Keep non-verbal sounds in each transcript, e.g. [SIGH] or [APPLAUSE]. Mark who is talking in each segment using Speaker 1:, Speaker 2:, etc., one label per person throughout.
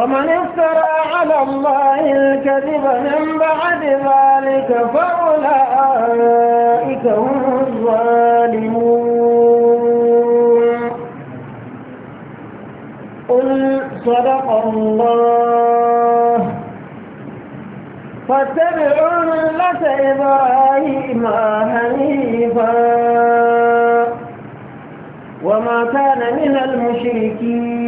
Speaker 1: فمن افترى على الله الكذب من بعد ذلك فأولئك هم الظالمون قل صدق الله فاتبعوا ملة إبراهيم حنيفا وما كان من المشركين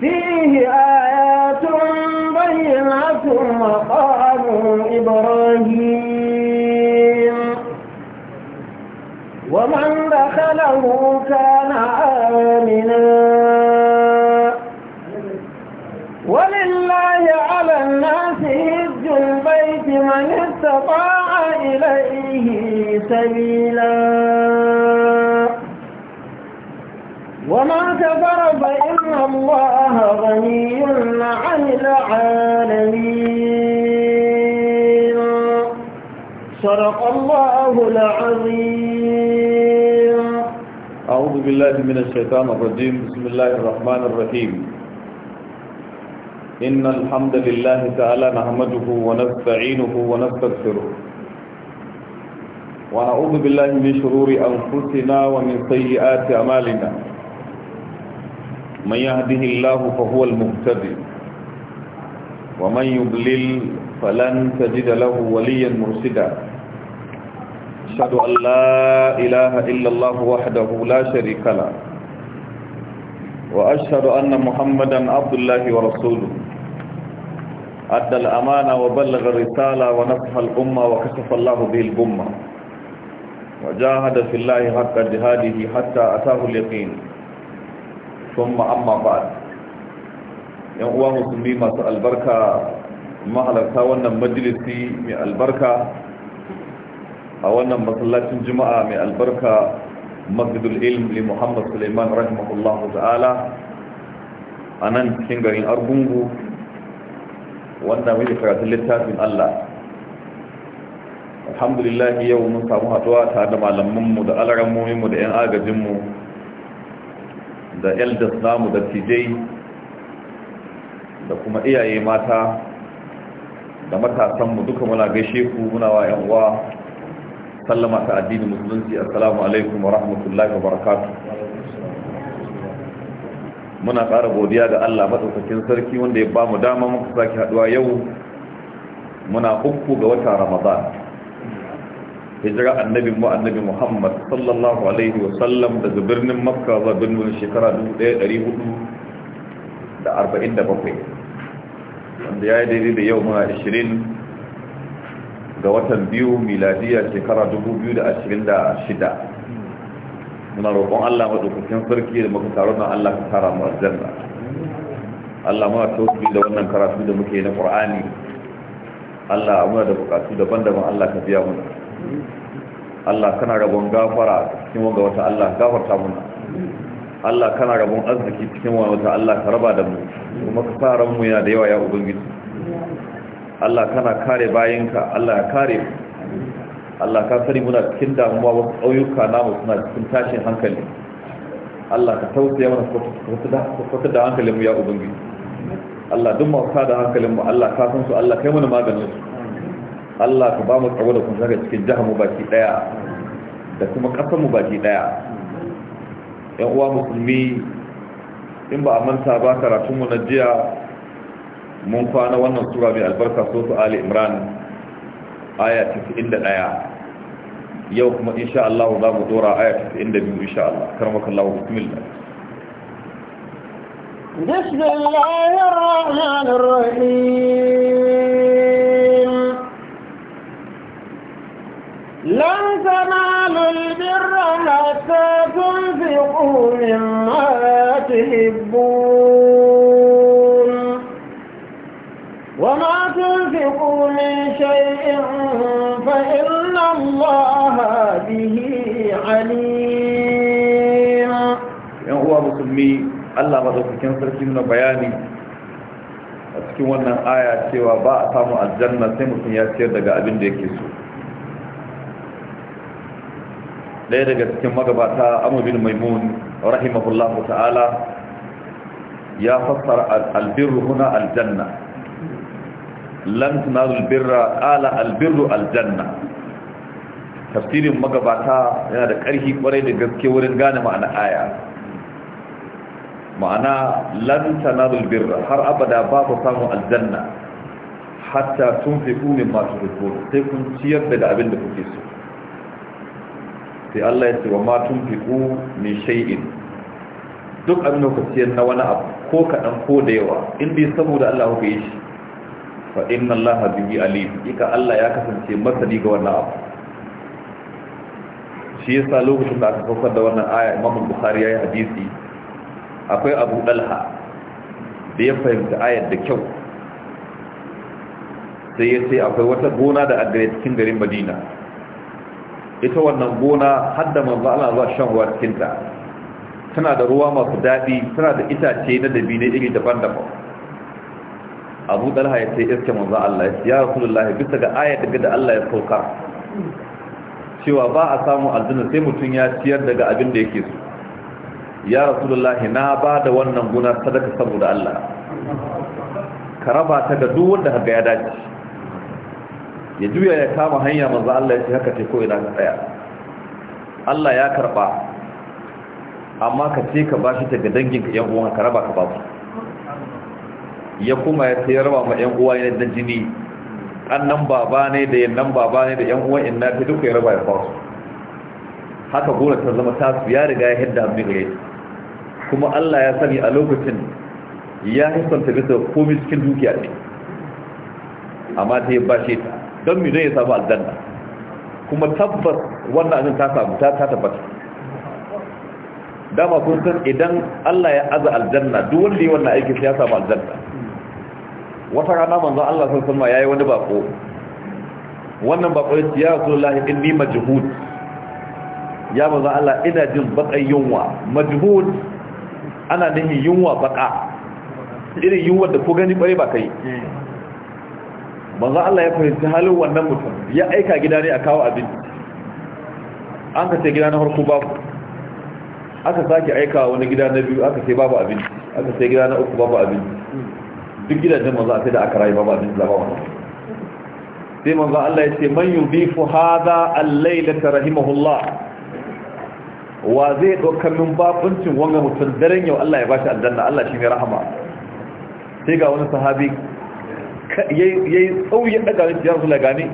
Speaker 1: فيه آيات بينات مقام إبراهيم ومن دخله كان آمنا ولله على الناس هج البيت من استطاع إليه سبيلاً تكبر فإن الله غني عن العالمين صدق الله العظيم
Speaker 2: أعوذ بالله من الشيطان الرجيم بسم الله الرحمن الرحيم إن الحمد لله تعالى نحمده ونستعينه ونستغفره ونعوذ بالله من شرور أنفسنا ومن سيئات أمالنا من يهده الله فهو المهتدي ومن يضلل فلن تجد له وليا مرشدا أشهد أن لا إله إلا الله وحده لا شريك له وأشهد أن محمدا عبد الله ورسوله أدى الأمانة وبلغ الرسالة ونصح الأمة وكشف الله به الأمة وجاهد في الله حق جهاده حتى أتاه اليقين sun ma'amma ba yan uwa musulmi masu albarka mahalarta wannan majalisi mai albarka a wannan masallacin juma'a mai albarka masjidul ilm li muhammad suleiman rahimahullahu ta'ala a nan cikin garin argungu wanda mai karatun littafin allah Alhamdulillahi yau mun samu haɗuwa tare da malamanmu da alaramominmu da 'yan agajinmu da elders namu da tijai da kuma iyaye mata da matasanmu duka muna gaishe ku muna wa yan uwa sallama ta addini musulunci assalamu alaikum wa rahmatullahi wa barakatuh muna ƙara godiya ga Allah madaukakin sarki wanda ya bamu dama muka sake haduwa yau muna uku ga wata Ramadan hijira annabin mu annabi Muhammad sallallahu alaihi wasallam daga birnin Makka zuwa birnin shekara 1447 wanda ya yi daidai da yau muna 20 ga watan biyu miladiya shekara 2026 muna roƙon Allah maɗaukakin sarki da muka taro don Allah ka tara mu aljanna Allah muna tausayi da wannan karatu da muke na ƙur'ani. Allah muna da buƙatu daban-daban Allah ka biya mu Allah kana rabon gafara cikin wanga wata Allah gafarta muna Allah kana rabon arziki cikin wanga wata Allah ka raba da mu kuma ka fara mu yana da yawa ya ubangiji Allah kana kare bayinka Allah ya kare Allah ka sani muna cikin damuwa wasu ƙauyuka namu suna cikin tashin hankali Allah ka tausaya mana kwata da hankalin mu ya ubangiji Allah duk masu da hankalin mu Allah ka san su Allah kai mana maganin su Allah ka ba mu tsawo da kuma daga cikin jihar baki daya da kuma kasar baki daya yan uwa musulmi in ba a manta ba karatunmu na jiya mun kwana wannan sura mai albarka so su Ali Imran aya 91 yau kuma insha Allah za mu dora aya 92 insha Allah karmakallahu bismillah
Speaker 1: بسم الله الرحمن الرحيم من شيء فإن الله به عليم
Speaker 2: ينقوى مسلمي الله مدوكين بياني a cikin wannan aya cewa ba a samu aljanna sai mutum ya ciyar daga abin da yake so ɗaya daga cikin magabata Amurbin maimun rahimahullahu ta'ala ya fassara albin huna aljanna lan tunazul birra ala albirru aljanna tafsirin magabata yana da ƙarfi kwarai da gaske wurin gane ma'ana aya ma'ana lan tunazul birra har abada ba ku samu aljanna hatta tun fi kumin masu fito sai kun ciyar da abin da kuke so sai Allah ya ce wa ma tun fi min shay'in duk abin da na wani abu ko kaɗan ko da yawa in dai saboda Allah kuka yi shi fa inna allaha bihi alim ika allah ya kasance masani ga wannan abu shi yasa lokacin da aka saukar da wannan aya imam bukhari yayi hadisi akwai abu dalha da ya fahimta ayar da kyau sai ya ce akwai wata gona da agare cikin garin madina ita wannan gona hadda manzo Allah zuwa shan ruwa cikin ta tana da ruwa masu daɗi tana da itace na dabine iri daban-daban abu dalha ya ce iske manzo Allah ya rasulullah bisa ga ayat daga da Allah ya sauka cewa ba a samu aljanna sai mutum ya ciyar daga abin da yake so ya rasulullah na ba da wannan guna sadaka saboda Allah ka raba ta ga duk wanda kaga ya dace ya juya ya kama hanya manzo Allah ya ce haka ce ko ina ka tsaya Allah ya karba amma ka ce ka bashi daga danginka yan uwan ka raba ka babu ya kuma ya sayarwa ma yan uwa na jini annan baba ne da yannan baba ne da yan in inna ta duka ya raba ya fasu haka gona ta zama tasu ya riga ya hidda abin gare kuma Allah ya sani a lokacin ya hisanta bisa komai cikin dukiya ne amma ta yi bashe ta don mi zai ya samu aljanna kuma tabbas wannan abin ta samu ta tabbata dama kun san idan Allah ya aza aljanna duk wanda yi wannan sai ya samu aljanna wata rana manzon Allah sallallahu alaihi wasallam yayi wani bako wannan bako ya ce ya rasulullahi inni majhud ya manzon Allah ina jin bakan yunwa majhud ana nihin yunwa baka irin yunwa da ko gani bare ba kai manzon Allah ya fahimci halin wannan mutum ya aika gida ne a kawo abinci an ka ce gida na harko babu aka sake aika wani gida na biyu aka ce babu abinci aka ce gida na uku babu abinci duk gidajen manzo a sai da aka rayu ba ba duk zama wannan sai manzo Allah ya ce man yudifu hadha al laylata rahimahullah wa zai dokar min babuncin wannan mutum daren yau Allah ya bashi aljanna Allah shi ne rahama sai ga wani sahabi yayi tsauri ya daga ya rasul gane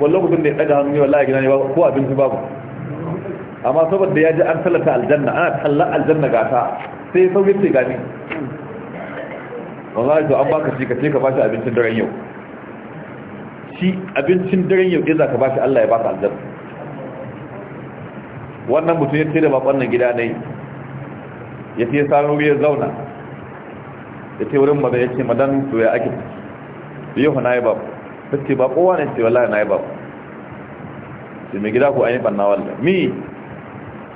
Speaker 2: wallahu kun da ya daga hannu wallahi gina ne ba ko abin su babu amma saboda ya ji an tallata aljanna ana talla aljanna gata sai sauye sai gani wallahi to an baka shi ka ce ka bashi abincin daren yau shi abincin daren yau ɗin zaka ka bashi Allah ya baka aljanna wannan mutum ya ce da bakon nan gida ne ya ce samun ya zauna ya ce wurin madan ya ce madan to ya ake yau na yi ba ta ce ba kowa ne ce wallahi na yi ba ce mai gida ko an yi banna wallah mi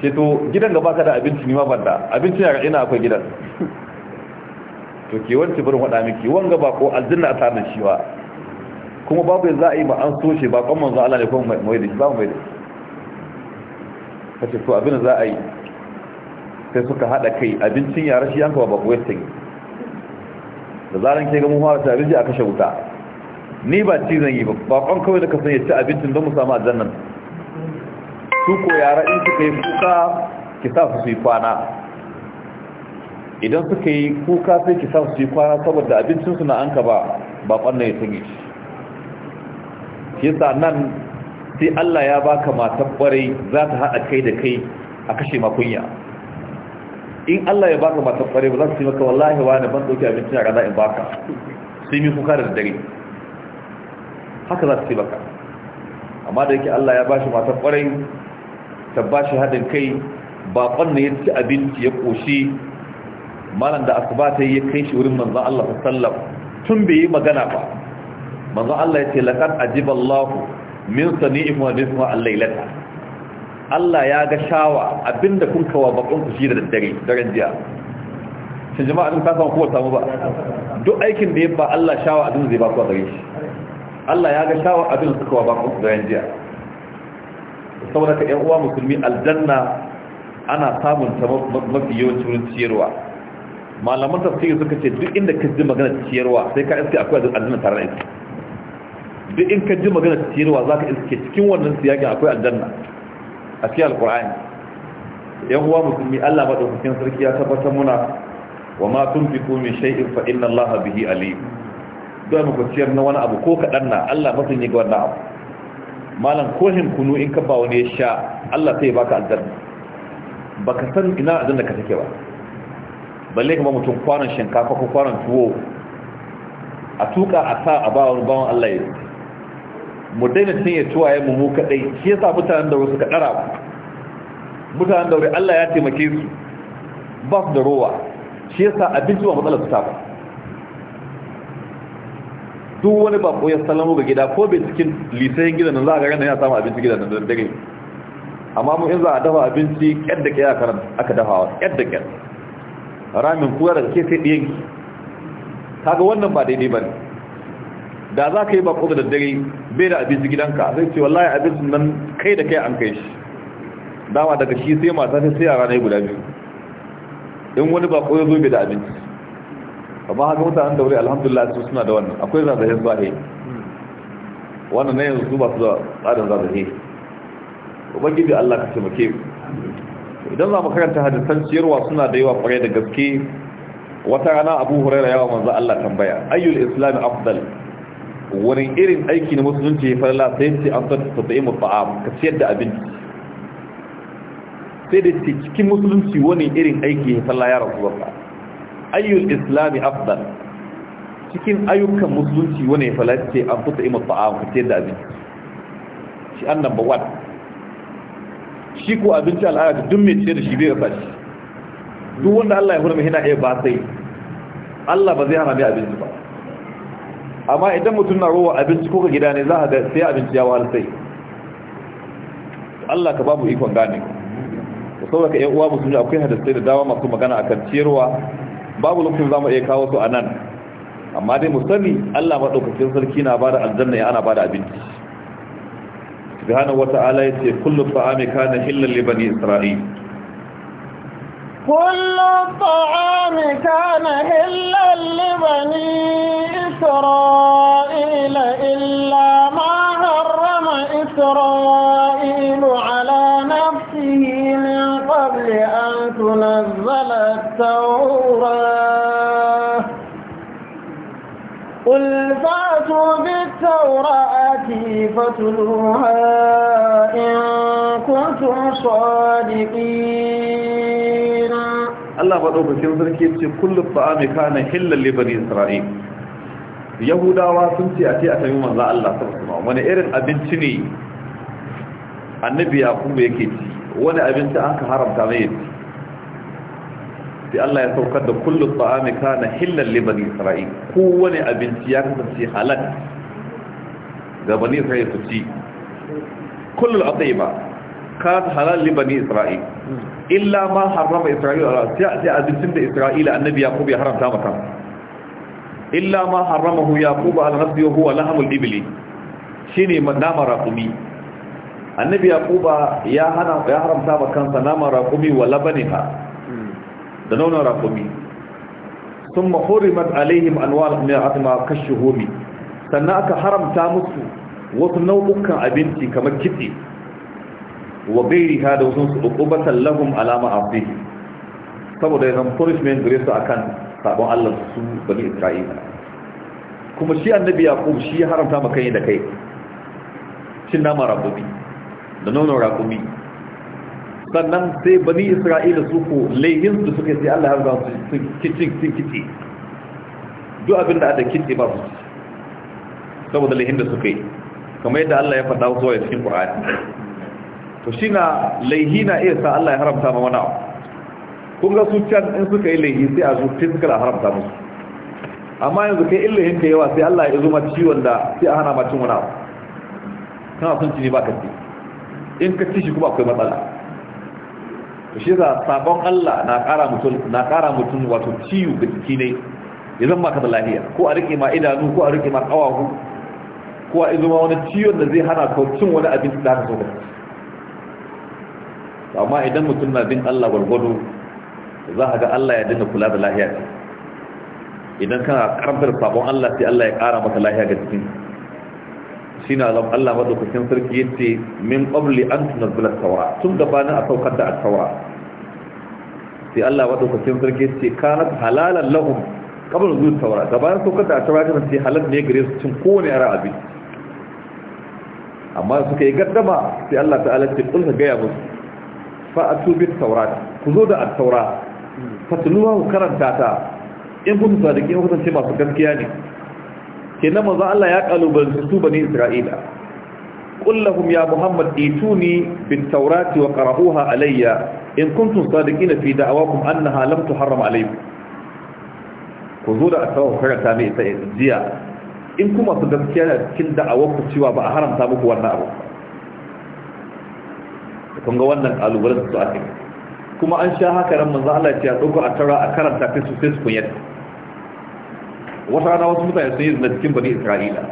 Speaker 2: ce to gidan gaba ka da abinci ni ma banda abincin ya ina akwai gidan to ke wanci barin wada miki wanga ba ko aljanna ta nan shi ba kuma babu za a yi ba an so shi ba kon manzo Allah ne kuma mai da shi ba mai da kace to abin za a yi sai suka hada kai abincin yara shi yanka ba ko yastin da zaran ke ga mu fara tare a kashe wuta ni ba ci zan yi ba ba kawai da ka san ya abincin don mu samu aljanna su ko yara in suka yi kuka ki sa su yi kwana idan suka yi kuka sai ki sa su yi kwana saboda abincinsu na an ka ba ba kwanna ya sanyi shi shi yasa nan sai Allah ya baka matan ƙwarai za ta haɗa kai da kai a kashe makunya in Allah ya baka matan ƙwarai ba za su yi maka wallahi wani ban ɗauki abincin a rana in baka sai mi kuka da dare haka za su yi maka amma da yake Allah ya bashi matan ƙwarai ta bashi haɗin kai ba ƙwannan ya ci abinci ya ƙoshi malam da asuba ta yi ya kai shi wurin manzon Allah sallam tun bai yi magana ba manzon Allah ya ce laqad ajiballahu min sani'ikum wa bismu al-lailata Allah ya ga shawa abinda kun kawa bakon ku shi da daddare daren jiya shi jama'a din ka san ko samu ba duk aikin da ya ba Allah shawa abin zai ba ku gare shi Allah ya ga shawa abin da kawa bakon ku daren jiya saboda ka ‘yan uwa musulmi aljanna ana samun ta mafi yawancin ciyarwa malaman tafsiri suka ce duk inda ka ji magana ciyarwa sai ka iske akwai aljanna tare da ita duk in ka ji magana ciyarwa za ka iske cikin wannan siyakin akwai aljanna a cikin alkur'ani yan uwa musulmi Allah madaukakin sarki ya tabbatar muna wa ma fi min shay'in fa inna Allah bihi alim don mu ciyar na wani abu ko kadan na Allah mutun yi ga wannan abu malam kohin kunu in ka ba wani ya sha Allah sai ya baka aljanna baka san ina aljanna ka take ba balle kuma mutum kwanon shinkafa ko kwanon tuwo a tuka a sa a bawon bawon Allah ya mu daina cin ya tuwa mu mu kadai shi yasa mutanen da suka dara mutanen da Allah ya taimake su ba su da rowa shi yasa abinci ba matsalar su ta ba duk wani bako ya salamu ga gida ko bai cikin lisayin gidan nan za a ga ne ya samu abinci gidan nan da dare amma mu in za a dafa abinci kyar da kyar aka dafa wa kyar da kyar ramin kuwa daga ke sai ɗiyanki kaga wannan ba daidai ba ne da za ka yi bako da daddare bai da abinci gidanka sai ce wallahi abincin nan kai da kai an kai shi dama daga shi sai mata sai sai a ranar guda biyu in wani bako ya zo bai da abinci amma haka mutanen da wuri alhamdulillah su suna da wannan akwai zazahen zahe wannan na yanzu su ba su da tsarin zazahe ubangiji allah ka taimake mu idan za mu karanta hadisan ciyarwa suna da yawa kwarai da gaske wata rana abu huraira yawa manzo Allah tambaya ayyul islam afdal wani irin aiki na musulunci fa farla sai ce an san tattaɓe mu ta'am ka ciyar da abinci sai da cikin musulunci wani irin aiki ya farla ya rasu wasa ayyul islam afdal cikin ayyukan musulunci wani ya sai ce an tattaɓe mu ta'am ka ciyar da abinci shi an shi ko abinci al'ada duk mai ce da shi bai rasa shi duk wanda Allah ya hurmi yana iya ba sai Allah ba zai hana mai abinci ba amma idan mutum na rowa abinci ko ka gida ne za a ga sai abinci ya wahala sai Allah ka babu ikon gane ku saboda ka yan uwa musulmi akwai hadisai da dawa masu magana a kan ciyarwa babu lokacin mu iya kawo su a nan. amma dai mu sani Allah ɗaukacin sarki na bada aljanna ya ana bada abinci سبحانه وتعالى يتي كل الطعام كان حلا لبني إسرائيل
Speaker 1: كل الطعام كان حلا لبني إسرائيل إلا ما حرم إسرائيل على نفسه من قبل أن تنزل التوراه قل فأتوا بالتوراة فتلوها إن كنتم صادقين
Speaker 2: الله بأوبا كنظر كيف كل الطعام كان حلا لبني إسرائيل yahudawa sun ce a ce a sami manzo Allah sallallahu wani irin abinci ne annabi kuma yake ci wani abinci an ka haramta mai yaci sai Allah ya saukar da kullum ta'ami kana hillal li bani isra'il kowane abinci ya kasance halal ga bani isra'il su ci kullu atayba kana halal li bani isra'il illa ma harrama isra'il ala sai abincin da isra'ila annabi yaqub ya haramta mata illa ma harramahu yaqub ala nafsihi huwa lahamul ibli shine nama raqumi annabi yaquba ya hana ya haramta maka kansa nama raqumi wa labaniha da nonon rakumi sun mahurimat alaihim anwal min kashe kashuhumi sannan aka haramta musu wasu nau'ukan abinci kamar kitse wa gairi ha da wasu su ukubatan lahum alama saboda yanzu punishment gare su sabon Allah su Isra'ila kuma shi annabi Yaqub shi haramta maka da kai nama rakumi da nonon rakumi sannan sai bani isra'ila su ko laihin su suka sai Allah ya rubuta su kicin sun kici duk abin da aka kici ba su saboda laihin da suka yi kamar yadda Allah ya faɗa wasu a cikin Qur'ani to shi na laihi na iya sa Allah ya haramta ma wani kun ga su can in suka yi laihi sai a zo physical a haramta musu amma yanzu kai in laihin ka yawa sai Allah ya zo ma ciwon da sai a hana ma cin wani abu kana sun ci ne ba ka ci in ka ci shi kuma akwai matsala shi za sabon Allah na ƙara mutum na ƙara mutum wato ciwo ga jiki ne ya zama ka da lafiya ko a rike ma idanu ko a rike ma kawahu ko a izuma wani ciwon da zai hana ka cin wani abinci da haka so ka amma idan mutum na bin Allah gwargwado za ka ga Allah ya dinga kula da lafiya idan kana karantar sabon Allah sai Allah ya ƙara maka lafiya ga jikinka shi na zama Allah madaukakin sarki yace min qabli an tunzila tawra tun gabanin a saukar da tawra sai Allah madaukakin sarki yace kanat halalan lahum qabla zuwa tawra gabanin saukar da tawra kan sai halal ne gare su cin kowane ara abin amma suka yi gaddama sai Allah ta'ala ce kulka gaya musu fa'atu bit tawrat ku zo da a taura fatluha ku karanta ta in kun sadiki in kun ce masu gaskiya ne kenan manzo Allah ya kalubalci su bani Isra'ila qul lahum ya muhammad ituni bit tawrati wa qara'uha alayya in kuntum sadiqina fi da'awakum annaha lam tuharram alaykum ku zo da atawa karanta ta ita jiya in kuma su gaskiya da cikin da'awar ku cewa ba a haramta muku wannan abu kun ga wannan kalubalen su ake kuma an sha haka ran manzo Allah ya ce a tara a karanta kai su sai su kunyata wata rana wasu mutane sun yi zina cikin bani isra'ila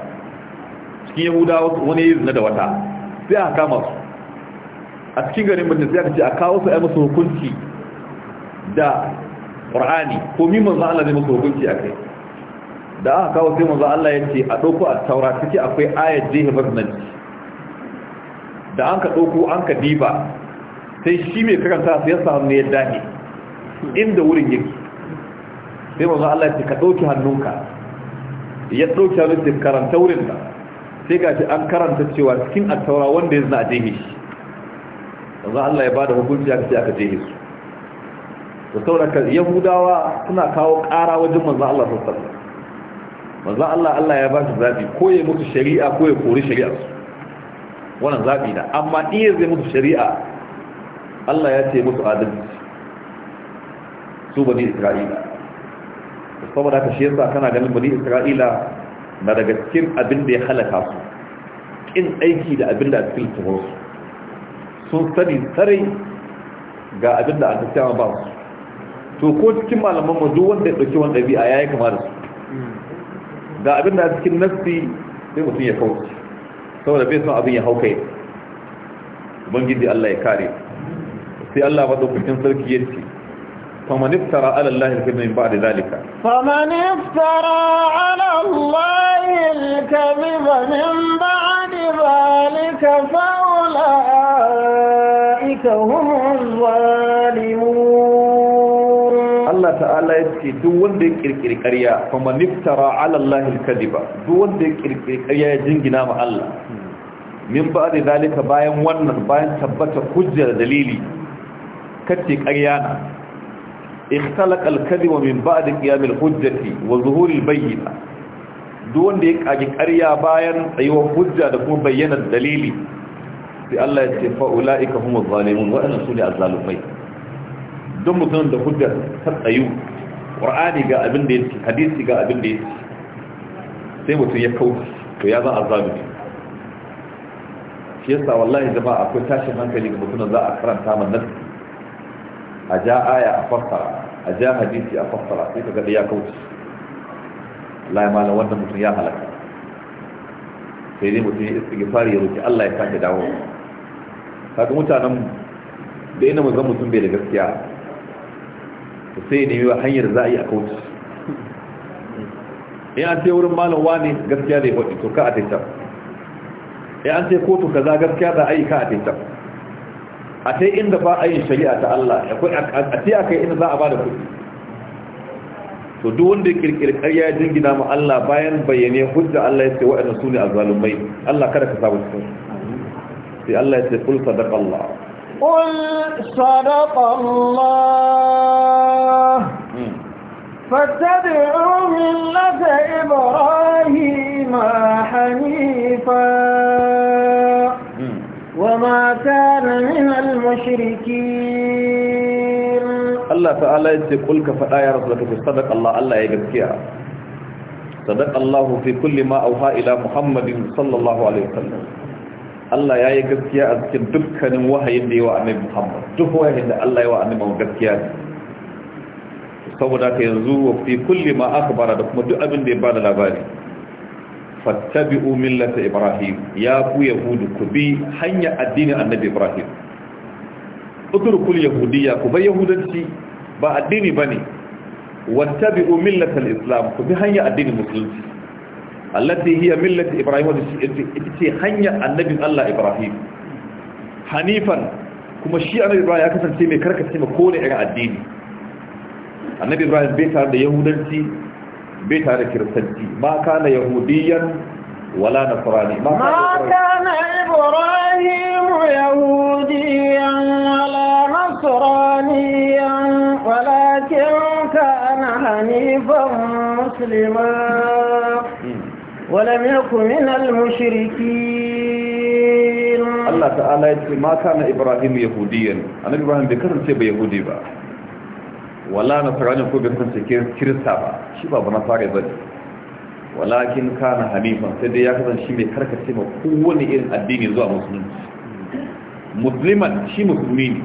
Speaker 2: cikin yahuda wani yi zina da wata sai aka kama su a cikin garin mutum sai aka ce a kawo su a musu hukunci da qur'ani ko mi manzo Allah zai musu hukunci a kai da aka kawo sai manzo Allah ya ce a ɗauko a taura take akwai ayat jihibar nan da an ka ɗauko an ka diba sai shi mai karanta sai ya samu ne ya dahe inda wurin yake sai manzo Allah ya ce ka dauki hannunka ya dauki hannun da karanta wurin ka, sai gashi an karanta cewa cikin attaura wanda ya zna jehe shi manzo Allah ya bada hukunci aka ce aka jehe su da sauraka yahudawa suna kawo ƙara wajen manzo Allah sallallahu alaihi wasallam manzo Allah Allah ya ba shi zabi ko ya mutu shari'a ko ya kori shari'a wannan zabi na amma iya zai mutu shari'a Allah ya ce musu adalci su bani Isra'ila saboda ka shi yasa kana ganin bani isra'ila na daga cikin abin da ya halaka su kin aiki da abin da a cikin tuhon sun sani sarai ga abin da aka cewa ba su to ko cikin malaman mu duk wanda ya dauki wani ɗabi'a yayi kama da su ga abin da a cikin nassi sai mutum ya kauce saboda bai san abin ya hauka ya ubangiji Allah ya kare sai Allah madaukakin sarki ya ce فمن افترى على الله الكذب من بعد ذلك
Speaker 1: فمن افترى على الله الكذب من بعد ذلك فأولئك هم الظالمون
Speaker 2: الله تعالى يتكي دون ديك الكريا فمن افترى على الله الكذب دون ديك الكريا جنجنا مع الله من بعد ذلك باين ونن باين ثبت حجة دليلي كتك أريانا ikhtalaqa al-kadhiba min ba'd qiyam al-hujjati wa zuhur al-bayyina duk wanda ya kaji ƙarya bayan tsayuwar hujja da kuma bayyana dalili sai Allah ya ce fa ulaika humuz zalimun wa anna sunu az-zalimai duk mutumin da hujja ta tsayu qur'ani ga abin da yake hadisi ga abin da yake sai mutum ya kauce to ya za azzalimi shi yasa wallahi jama'a akwai tashin hankali ga mutum za a karanta man nasi a ja aya a fassara a ja hadisi a fassara sai ka ga ya kauce lai ma wannan mutum ya halaka sai dai mutum ya istighfar ya roki Allah ya sake dawo kaga mutanen da ina mazan mutum bai da gaskiya to sai ne yi hanyar za a yi a kauce in an ce wurin malam wani gaskiya da ya faɗi to ka a taita in an ce kotu kaza gaskiya za a yi ka a taita a ta inda ba a yin shari'a ta Allah a ta kai inda za a ba da kuɗi to duk wanda ya kirkiri karya jingina ma Allah bayan bayyane hujja Allah ya ce waɗanda su ne azzalumai Allah kada ka samu cikin sai Allah ya ce kul sadaqa Allah
Speaker 1: kul sadaqa Allah hmm. fattabi'u millata ibrahima hanifa وما كان Ya المشركين
Speaker 2: الله تعالى يقول كفدا يا رسول الله صدق الله الله يا صدق الله في كل ما اوحى الى محمد صلى الله عليه وسلم Allah ya yi gaskiya a cikin dukkanin wahayin da yi wa annabi Muhammad duk wahayin da Allah ya wa gaskiya saboda ka yanzu wa fi kulli ma akhbara da kuma duk abin da ya bada labari fattabi'u millata ibrahim ya ku yahudu ku bi hanya addinin annabi ibrahim utrukul yahudiyya ku bai yahudanci ba addini bane wattabi'u millata al-islam ku bi hanya addinin musulunci allati hiya millati ibrahim ita ce hanya Annabi Allah ibrahim hanifan kuma shi annabi ibrahim ya kasance mai karkace ma kone irin addini annabi ibrahim bai tare da yahudanci bai tare kiristanci ma kana yahudiyan wala nasrani ma na
Speaker 1: Ibrahimu yahudiyan wala nasraniyan walakin kana hanifan muslima ولم يكن من المشركين
Speaker 2: الله تعالى يقول ما كان إبراهيم يهوديا أنا إبراهيم ذكرت يبقى Yahudi ba. wala na faranin ko bai cikin kirista ba shi ba na fara ba walakin kana hanifan sai dai ya kasance mai karkace ma kowane irin addini zuwa musulunci musliman shi musulmi ne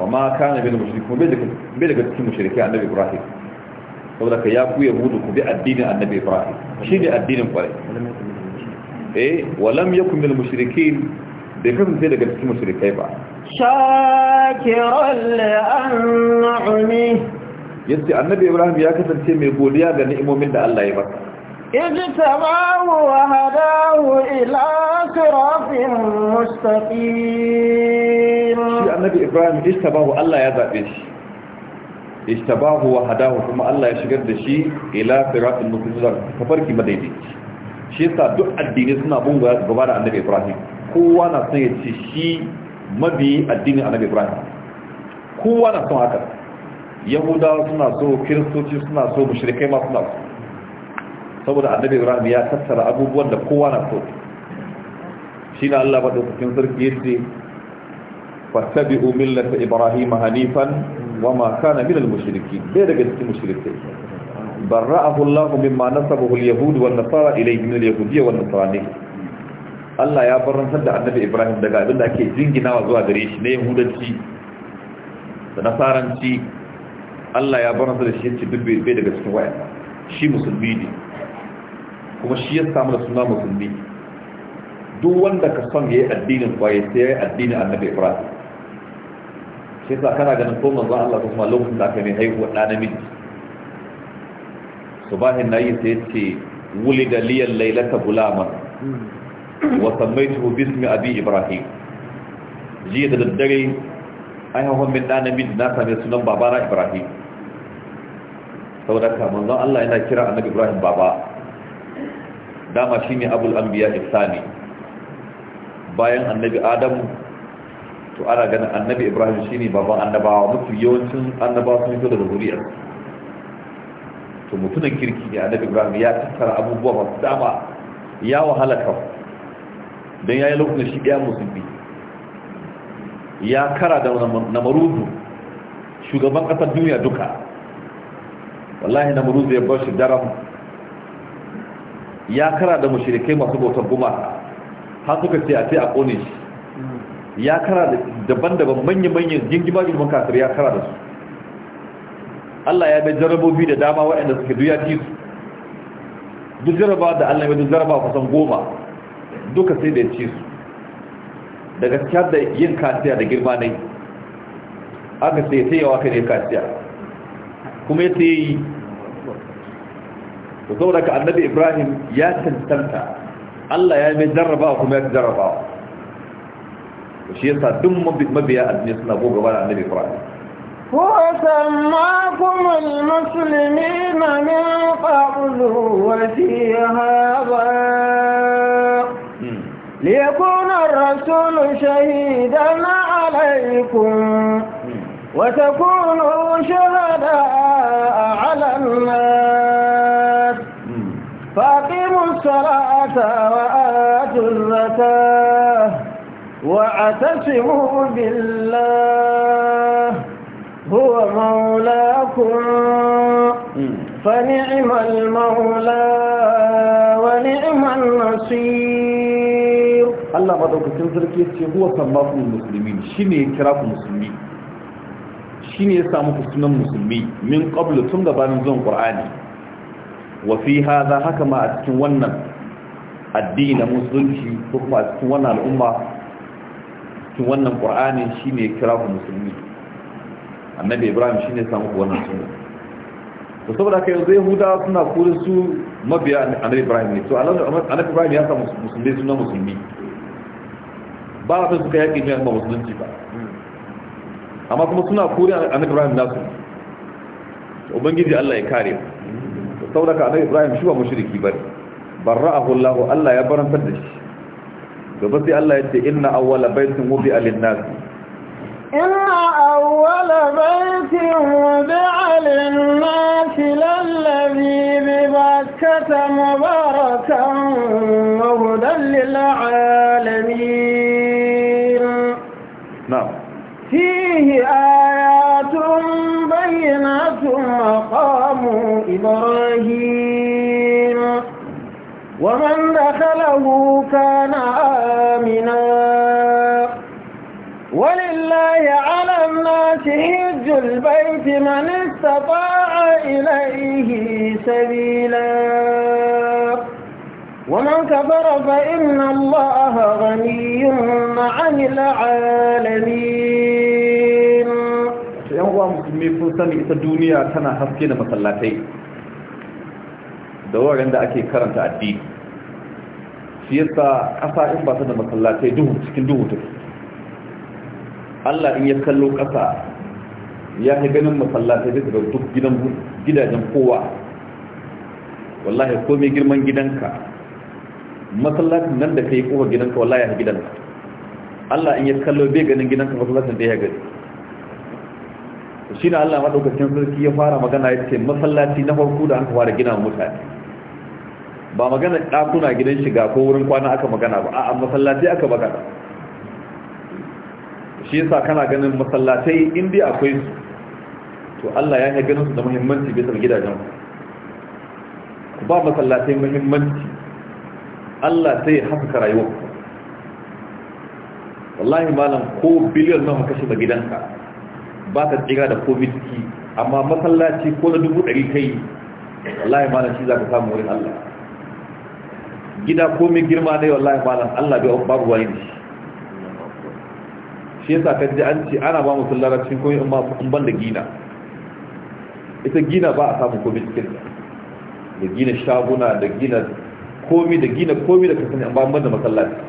Speaker 2: wa ma kana bin kuma bai daga cikin mushrike annabi ibrahim saboda ka ya ku yahudu ku bi addinin annabi ibrahim shi ne addinin kwarai eh walam yakun bil mushrikin bai kasance daga cikin mushrikai ba
Speaker 1: shakiran li an'ami
Speaker 2: yace annabi ibrahim ya kasance mai godiya ga ni'imomin da Allah ya masa
Speaker 1: اجتمعه وهداه إلى صراط
Speaker 2: مستقيم شيء النبي إبراهيم اجتباه الله يذبش اجتباه وهداه ثم الله يشغل دشي إلى صراط المستقيم ففرق مدينة شيء صار دعا الدين سنة إبراهيم kowa na son ya ce shi mabi addinin annabi ibrahim kowa na son haka yahudawa suna so kiristoci suna so mushrikai ma suna so saboda annabi ibrahim ya tattara abubuwan da kowa na so shi na allah cikin sarki yace fattabi'u millata ibrahim hanifan wa ma kana minal mushriki bai daga cikin mushrikai barra'ahu allah mimma nasabahu al-yahud wan nasara ilayhi min al-yahudiyya wan nasrani Allah ya bar rantsar da annabi Ibrahim daga abin da ake jinginawa zuwa gare shi na yahudanci da nasaranci Allah ya bar rantsar da shi yace dubbe bai daga cikin waya shi musulmi ne kuma shi ya samu da suna musulmi duk wanda ka son yayi addinin kwaye sai yayi addinin annabi Ibrahim sai sa kana ganin ko manzo Allah kuma lokacin da aka ne haihuwa da namiji subahin nayi sai ce wulida liyal laylata Gulama. Hmm. wa sammaituhu bismi abi ibrahim jiya da daddare ai hawan min dana min na same sunan babana ibrahim saboda ka manzon Allah yana kira annabi ibrahim baba dama shine abul anbiya ihsani bayan annabi adam to ana ganin annabi ibrahim shine baban annabawa mafi yawancin annabawa sun fito daga zuriyar to mutunan kirki ne annabi ibrahim ya tattara abubuwa masu dama ya wahala kawai don ya yi lokacin shi ɗaya musulmi ya kara da namaruzu shugaban ƙasar duniya duka wallahi namaruzu ya bar shi daram ya kara da mashirikai masu bautar guma har suka ce a ce a ƙone shi ya kara daban-daban manya-manyan gingima-gingiman kasar ya kara da su Allah ya bai jarabobi da dama waɗanda suke duya ci su duk jaraba da Allah ya bai duk jaraba kusan goma duka sai da ya ci su da gaskiya da yin kasiya da girma ne aka sai sai yawa kan yin kasiya kuma ya sai yi da saboda ka annabi ibrahim ya tantanta allah ya yi mai jarraba kuma ya jarraba shi yasa duk mabiya addini suna goga ba da annabi ibrahim
Speaker 1: وسماكم المسلمين من قبل وفي هذا ليكون الرسول شهيدا عليكم وتكونوا شهداء على الناس فاقيموا الصلاة وآتوا الزكاة واعتصموا بالله هو مولاكم فنعم المولى ونعم النصير
Speaker 2: Allah madaukakin sarki ce huwa sammaku muslimin shine ya kira ku musulmi shine ya samu ku sunan musulmi min qablu tun gabanin zuwan qur'ani wa fi haza haka ma a cikin wannan addini na musulunci ko kuma a cikin wannan al'umma cikin wannan qur'ani shine ya kira ku musulmi annabi ibrahim shine ya samu ku wannan sunan to saboda kai yanzu Huda suna kore su mabiya annabi ibrahim ne to annabi ibrahim ya samu musulmi sunan musulmi ba a suka yaƙi ne ba musulunci ba amma kuma suna kuri a na ibrahim nasu ubangiji allah ya kare saboda ka annabi ibrahim shi ba mushriki bane barra'ahu allah allah ya barantar da shi gaba sai allah ya ce inna awwala baitin wubi'a lin-nas
Speaker 1: inna awwala baitin wubi'a lin-nas lallabi bi bakkata mubarakan wa hudan lil-alamin بينات مقام إبراهيم ومن دخله كان آمنا ولله على الناس حج البيت من استطاع إليه سبيلا ومن كفر فإن الله غني عن
Speaker 2: العالمين uwa musulmi sun sani ita duniya tana haske da masallatai da wurin da ake karanta addini shi yasa ƙasa in ba ta da masallatai duhu cikin duhu take Allah in ya kallo ƙasa ya yi ganin masallatai daga duk gidan gidajen kowa wallahi komai girman gidanka masallacin nan da ka yi kowa gidanka wallahi ya gidanka Allah in ya kallo bai ganin gidanka masallacin da ya gani shi da Allah maɗaukacin sarki ya fara magana ya ce masallaci na farko da aka fara gina mutane ba magana ɗakuna gidan shiga ko wurin kwana aka magana ba a masallaci aka magana shi yasa kana ganin masallatai in dai akwai su to Allah ya yi ganin su da muhimmanci bisa gidajen ku ba masallatai muhimmanci Allah sai ya haskaka rayuwarku wallahi malam ko biliyon nawa kashe ba gidanka ba ta tsira da covid ki amma masallaci ko da dubu ɗari kai wallahi malam shi za ka samu wurin Allah gida ko mai girma dai wallahi malam Allah bai babu wani ne shi yasa ka ji an ce ana ba mu larabcin ko in ma in ban da gina ita gina ba a samu komai cikin da gina shaguna da gina komai da gina komai da kasance an ba ban da masallaci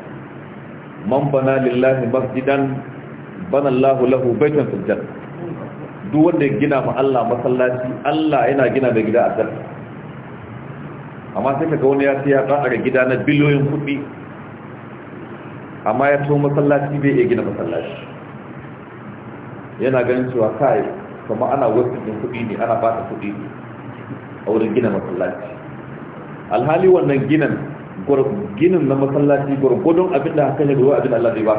Speaker 2: man bana lillahi masjidan bana Allahu lahu baitan fil duk wanda ya gina ma Allah masallaci Allah yana gina da gida a can amma sai kaga wani ya ce ya tsara gida na biliyoyin kuɗi amma ya to masallaci bai gina masallaci yana ganin cewa kai kuma ana wasu ɗin kuɗi ne ana ba ta kuɗi ne a wurin gina masallaci alhali wannan ginin ginin na masallaci gurgudun abin da haka ne ruwa abin da Allah zai ba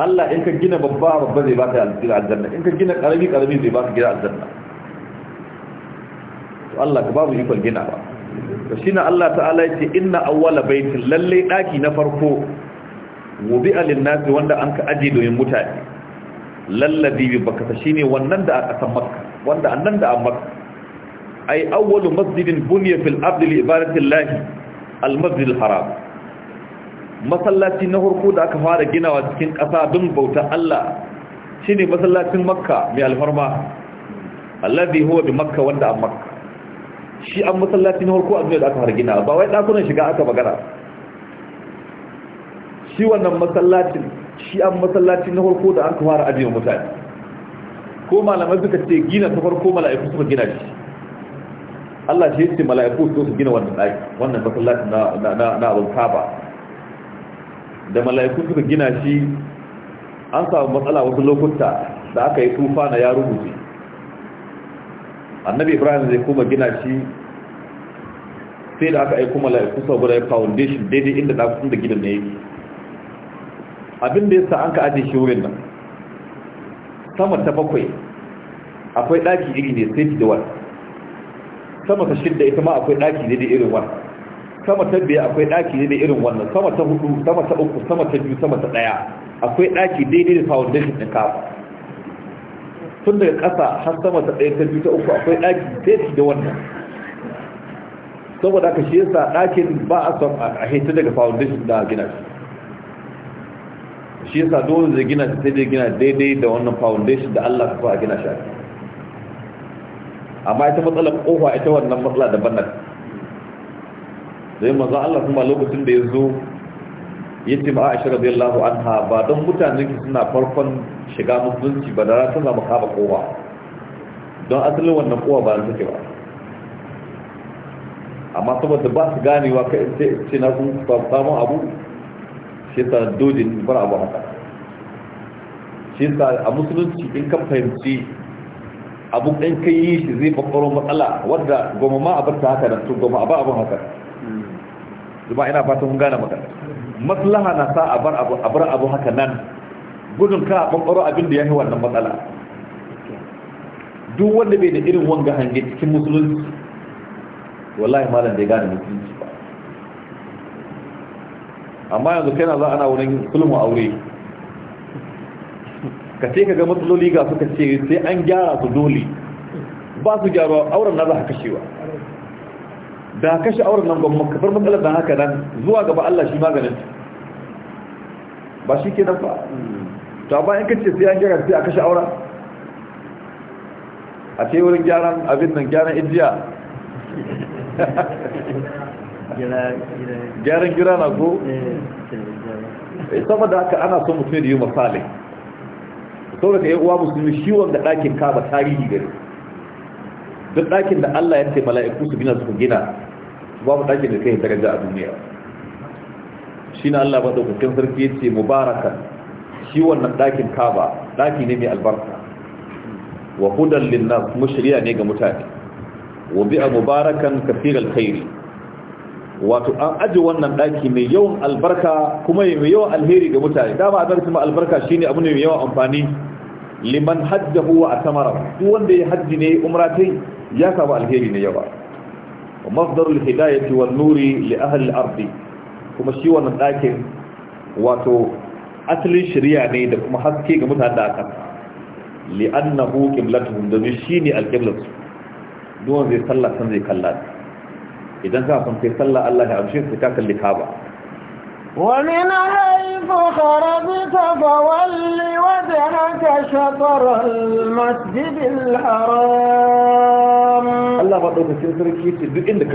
Speaker 2: Allah in ka gina babba babba zai ba baka gina aljanna in ka gina karami karami zai ba baka gina aljanna to Allah ka babu ikon gina ba to shine Allah ta'ala yace inna awwala baitin lalle daki na farko wubi'a lin-nas wanda an ka aje domin mutane lallabi bi bakata shine wannan da aka san makka wanda annan da an makka ai awwalu masjidin bunya fil ardi li ibadati llahi al-masjid haram masallaci na harko da aka fara ginawa cikin ƙasa don bauta Allah shi ne masallacin makka mai alfarma allazi huwa bi makka wanda an makka shi an masallaci na harko a duniya da aka fara ginawa ba wai ɗakunan shiga aka magana shi wannan masallacin shi an masallaci na harko da aka fara ajiyar mutane ko malamai suka ce gina ta farko mala'iku suka gina shi Allah shi ya ce mala'iku su gina wannan ɗaki wannan masallacin na abin kaba da mala'iku suka gina shi an samu matsala wasu lokuta da aka yi tufa na ya rubuce annabi ibrahim zai kuma gina shi sai da aka aiko mala'iku sau ya foundation daidai inda ɗakusun da gidan na yake abin da yasa an ka ajiye shi wurin nan sama ta bakwai akwai ɗaki iri ne sai da wani sama ta shidda ita ma akwai ɗaki daidai irin wani sama ta biya akwai daki ne da irin wannan sama ta hudu sama ta uku sama ta biyu sama ta daya akwai daki daidai da foundation din kafa tun daga kasa har sama ta daya ta biyu ta uku akwai daki daidai da wannan saboda ka shi yasa dakin ba a son a hita daga foundation da gina shi shi yasa dole zai gina shi sai dai gina daidai da wannan foundation da Allah ka so a gina shi amma ita matsalar kofa ita wannan matsala daban nan zai maza Allah kuma lokacin da ya zo ya ce ma Aisha radiyallahu anha ba don mutanen ki suna farkon shiga musulunci ba da ran tana maka ba kowa don asalin wannan kowa ba take ba amma saboda ba su ganewa kai ce na kun samun abu shi ta dojin bar abu haka shi ta a musulunci in ka fahimci abu ɗan kai yi shi zai bakwaro matsala wadda goma ma a bar ta haka na to goma a ba abin haka zuba ina fata mun gane maka maslaha na sa a bar abu a bar abu haka nan gudun ka bankaro abin da ya yi wannan matsala duk wanda bai da irin wanga hange cikin musulunci wallahi malam da ya gane musulunci ba amma yanzu kai na za ana wurin kulmu aure ka ce ka ga matsaloli ga suka ce sai an gyara su dole ba su gyara auren na za ka kashewa da kashe auren nan gwamnan kafar matsalar da haka nan zuwa gaba Allah shi maganin ba shi ke nan ba ta bayan kace sai an gyara sai a kashe aura? a ce wurin gyaran abin nan gyaran indiya gyaran gira na go eh, eh, sama da haka ana son mutum da yi misali da ka uwa musulmi shi wanda ɗakin ba tarihi gari duk ɗakin da Allah ya ce mala'iku su gina su gina babu ɗakin da kai daraja a duniya shi na Allah ba ɗaukakin sarki ya ce mubaraka shi wannan dakin kaba daki ne mai albarka wa hudan lin kuma mushriya ne ga mutane wa bi'a mubarakan kafir alkhairi wato an aji wannan daki mai yawan albarka kuma mai yawan alheri ga mutane Da ba a zarfi ma albarka shine abu ne mai yawan amfani liman hajjahu wa atamara duk wanda ya hajji ne umratai, ya samu alheri ne yawa ومصدر الهداية والنور لأهل الأرض كما شيء وانا لكن واتو أتل شريع نيدا كما حسكي كمتها داكا لأنه كملتهم دمشيني الكبلة دون ذي صلى سنزي كاللات إذا كان في صلى الله أمشين سكاك اللي كابا
Speaker 1: ومن حيث خرجت فول وجهك شطر المسجد الحرام
Speaker 2: الله فضلك سيركي duk inda ka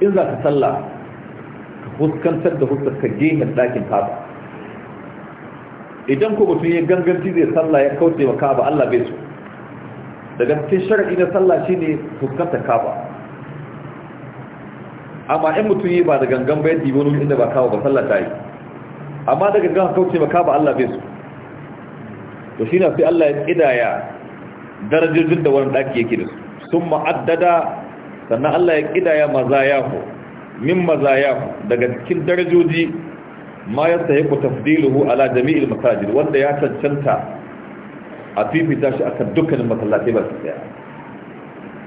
Speaker 2: إذا in za ka salla ka fuskantar da ka idan ko mutum ya ganganci zai sallah ya kauce wa kaba Allah bai so daga cikin sharadi na salla shine fuskantar kaba amma in mutum yi ba da gangan bayan dibonu inda ba kawo ba sallah ta yi amma da gangan kauce ba ka ba Allah bai su to shi na fi Allah ya ƙidaya darajojin da wani ɗaki yake da su sun ma'addada sannan Allah ya ƙidaya mazayahu min mazayahu daga cikin darajoji ma ya sahi ku tafdiluhu ala jami'il masajid wanda ya cancanta a fifita shi akan dukkanin masallatai ba su tsaya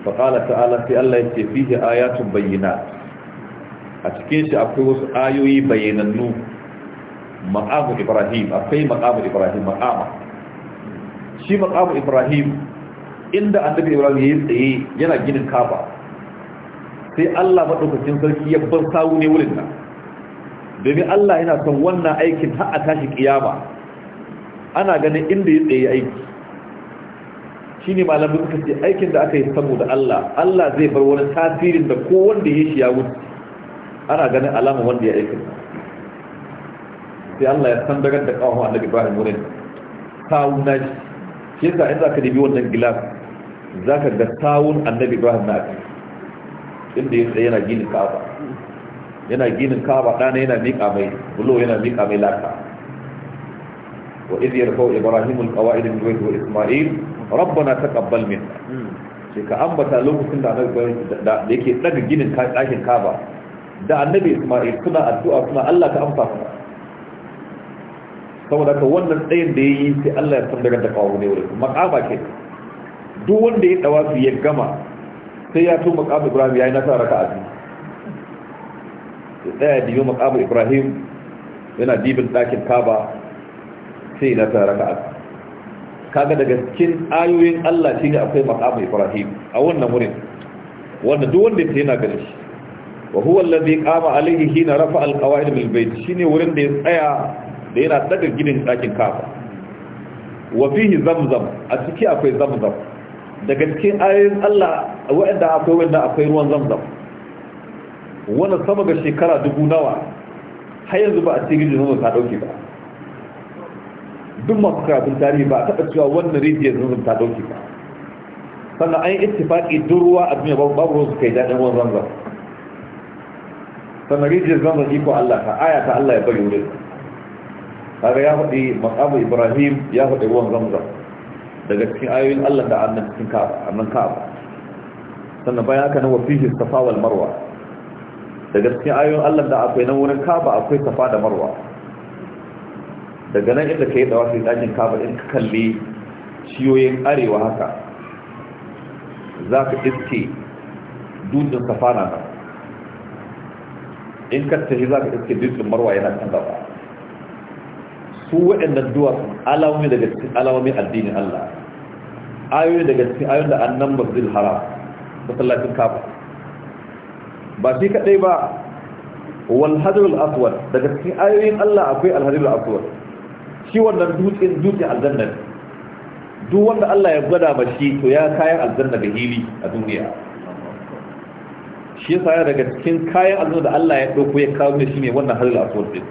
Speaker 2: fa qala ta'ala fi Allah yake fihi ayatun bayyinat a cikin shi akwai wasu ayoyi bayanannu maqamu ibrahim akwai maqamu ibrahim ma'ama shi maqamu ibrahim inda annabi ibrahim ya yi tsaye yana ginin kafa sai Allah maɗaukacin sarki ya bar sawu ne wurin nan domin Allah yana son wannan aikin har a tashi kiyama ana ganin inda ya tsaye aiki shi ne malamin suka ce aikin da aka yi saboda Allah Allah zai bar wani tasirin da ko wanda ya shi ya wuce ana ganin alama wanda ya aiki. sai Allah ya san daga da kawo annabi Ibrahim wurin kawo shi shi yasa in zaka dibi wannan gilas zaka ga tawun annabi Ibrahim na kai inda ya tsaye yana ginin Ka'aba yana ginin Ka'aba dana yana miƙa mai bulo yana miƙa mai laka wa idh yarfa'u Ibrahim alqawa'id min baytihi wa Isma'il rabbana taqabbal minna hmm. shi ka ambata lokacin da annabi Ibrahim da yake daga ginin ɗakin Ka'aba da annabi Ismail suna addu'a suna Allah ka amsa su saboda ka wannan tsayin da ya yi sai Allah ya san daga da kawo ne wurin makaba ke duk wanda ya dawa su ya gama sai ya to makabu Ibrahim ya yi nasa raka a ya tsaya yi makabu Ibrahim yana dibin ɗakin Kaba sai ya nasa raka a kaga daga cikin ayoyin Allah shine akwai makabu Ibrahim a wannan wurin wanda duk wanda yana ganin shi wa huwa alladhi qama alayhi hina rafa alqawaid bil bayt shine wurin da ya tsaya da yana daga gidan dakin kafa wa fihi zamzam a ciki akwai zamzam daga cikin ayoyin Allah waɗanda akwai wanda akwai ruwan zamzam wannan sama ga shekara dubu nawa har yanzu ba a ce gidan zamzam ta dauke ba duk masu karatun tarihi ba a taɓa cewa wannan rijiyar zamzam ta dauke ba sannan an yi ittifaƙi duk ruwa a duniya babu ruwan su kai daɗin ruwan zamzam sannan rijiyar zamzam iko Allah ta aya ta Allah ya bari wurin kaga ya faɗi makamu ibrahim ya faɗi ruwan zamzam daga cikin ayoyin Allah da annan cikin annan ka'aba sannan bayan haka na wafihi safa wal marwa daga cikin ayoyin Allah da akwai nan wurin ka'aba akwai safa da marwa daga nan inda ka da dawa sai dakin ka'aba in ka kalli ciyoyin arewa haka za ka iske dutsen safa na nan in ka tafi za ka iske dukkan marwa yana kan gaba su waɗannan duwatsu alamomi daga cikin alamomin addinin Allah ayoyi daga cikin ayoyin da annan mazil haram masallacin kafa ba shi kaɗai ba wal hajarul daga cikin ayoyin Allah akwai al hajarul shi wannan dutsen dutsen aljanna duk wanda Allah ya gwada ba shi to ya kayan aljanna da hili a duniya shi yasa ya daga cikin kayan azu da Allah ya dauko ya kawo ne shine wannan halal aswad din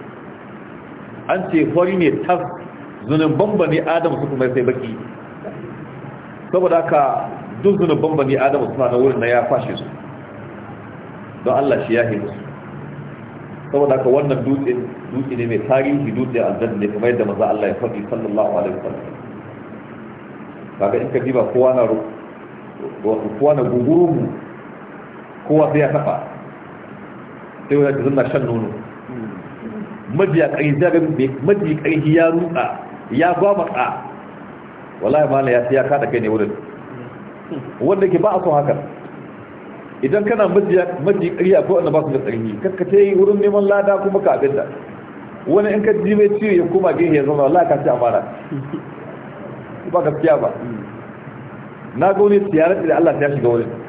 Speaker 2: an ce hori ne ta zunin bambani adam su kuma sai baki saboda haka duk zunin bambani adam suna na wurin na ya fashe su don Allah shi ya hidu saboda haka wannan dutse dutse ne mai tarihi dutse aljanna ne kamar yadda maza Allah ya faɗi sallallahu alaihi wasallam kaga in ka diba kowa na kowa na guguru kowa sai ya safa sai wani da zanna shan nono majiya ƙarfi ƙarfi ya rutsa ya a wallahi ma ya sai ya kada kai ne wurin wanda ke ba a son hakan idan kana majiya majiya ƙarfi akwai wanda ba su da ƙarfi kakkace wurin neman lada kuma ka abin da wani in ka jime ciwo ya koma gini ya zama Allah ka ci mara ba gaskiya ba na ga wani tiyarar da Allah ta shiga wurin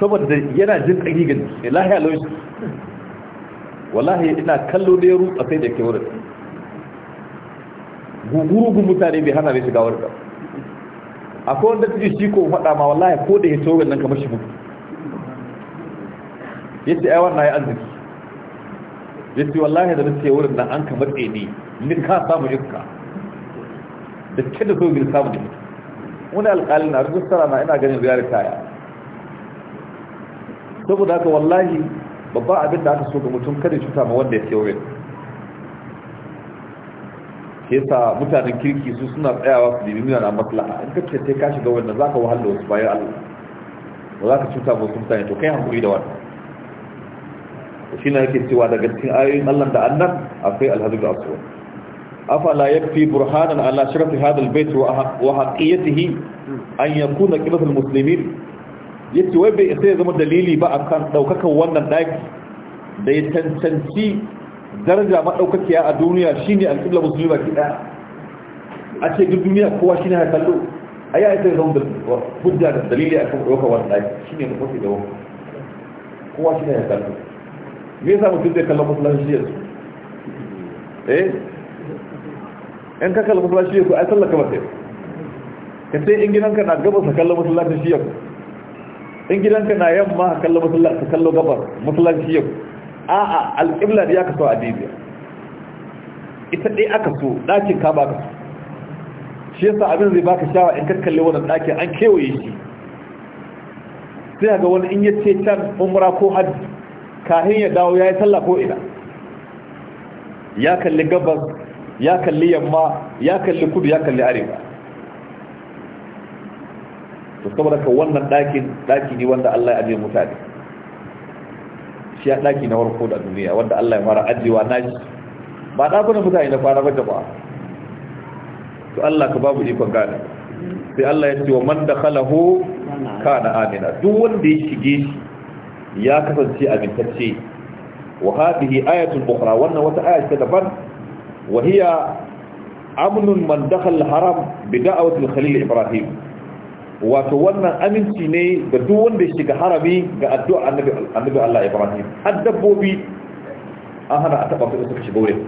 Speaker 2: saboda yana jin tsari gani jiki lahiya laushi wallahi ina kallo da ya rutsa sai da ke wurin gugurugun mutane bai hana mai shiga wurin akwai wanda suke shi ko faɗa ma wallahi ko da ya ci wurin nan kamar shi mutu ce ai wannan ya arziki ce wallahi da nake wurin nan an kamar tsini ni ka samu iska da ke da so gil samu ne wani alƙalin na rajistara na ina ganin ziyarar kaya saboda haka wallahi babba abin da aka so ga mutum kada cuta ma wanda ya Ke sa mutanen kirki su suna tsayawa su nemi miyan a maslaha in ka ce sai ka shiga wannan za ka wahala wasu bayan Allah ba za ka cuta wasu mutane to kai hankuri da wannan shi na yake cewa daga cikin ayoyin Allah da annan akwai alhazir aswa afala yakfi burhanan ala sharafi hadal bait wa haqiyatihi an yakuna qiblatul muslimin yadda wai bai sai zama dalili ba akan daukakan wannan daki da ya tantanci daraja maɗaukakiya a duniya shine alƙibla musulmi ke ɗaya a ce duk duniya kowa shine ya kallo ai yi sai zama hujja da dalili a kan daukakan wannan daki shi ne mafi da kowa shi shine ya kallo me yasa mutum zai kalla musulmi shi yanzu eh in ka kalla musulmi shi yanzu ai sallaka ba sai ka sai in gidanka na gabasa kallon kalla musulmi shi yanzu in gidanka na yamma ka kallo masallaci ka kallo gabar masallaci yau a'a alƙibla da ya ka so a dibiya ita dai aka so ɗakin ka ba ka so shi yasa abin zai baka shawa in kakkalle wannan ɗakin an kewaye shi sai ga wani in ya ce can umra ko hajji kahin ya dawo ya yi sallah ko ina ya kalli gabas ya kalli yamma ya kalli kudu ya kalli arewa to saboda ka wannan ɗakin ɗaki ne wanda Allah ya ajiye mutane shi ya ɗaki na warko da duniya wanda Allah ya fara ajiyewa na shi ba ɗakunan mutane na fara ba ba to Allah ka babu ikon gane sai Allah ya ce wa man dakhalahu kana amina duk wanda ya shige shi ya kasance amintacce wa hadhihi ayatun ukhra wannan wata aya ce daban wa hiya amnun man dakhala haram bi da'awati al-khalil ibrahim wato wannan aminci ne ga duk wanda ya shiga harami ga addu'a annabi Allah Ibrahim har dabbobi an hana a taba su suka shiga wurin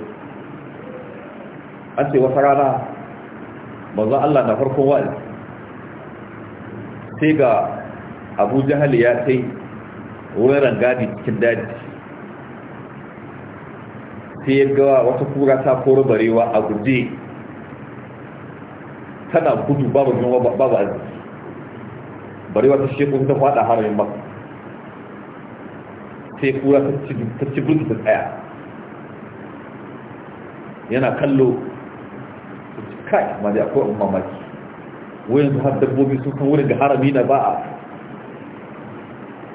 Speaker 2: an ce wata rana manzo Allah na farkon wa'azi sai ga Abu Jahal ya sai wurin rangadi cikin daji sai ya ga wata kura ta koro barewa a guje tana gudu babu babu azizi bari wata shekun ta fada haramin maka sai kura ta ci burki ta tsaya yana kallo kai ma dai akwai abin mamaki wurin su har dabbobi sun kan wurin da harami na ba a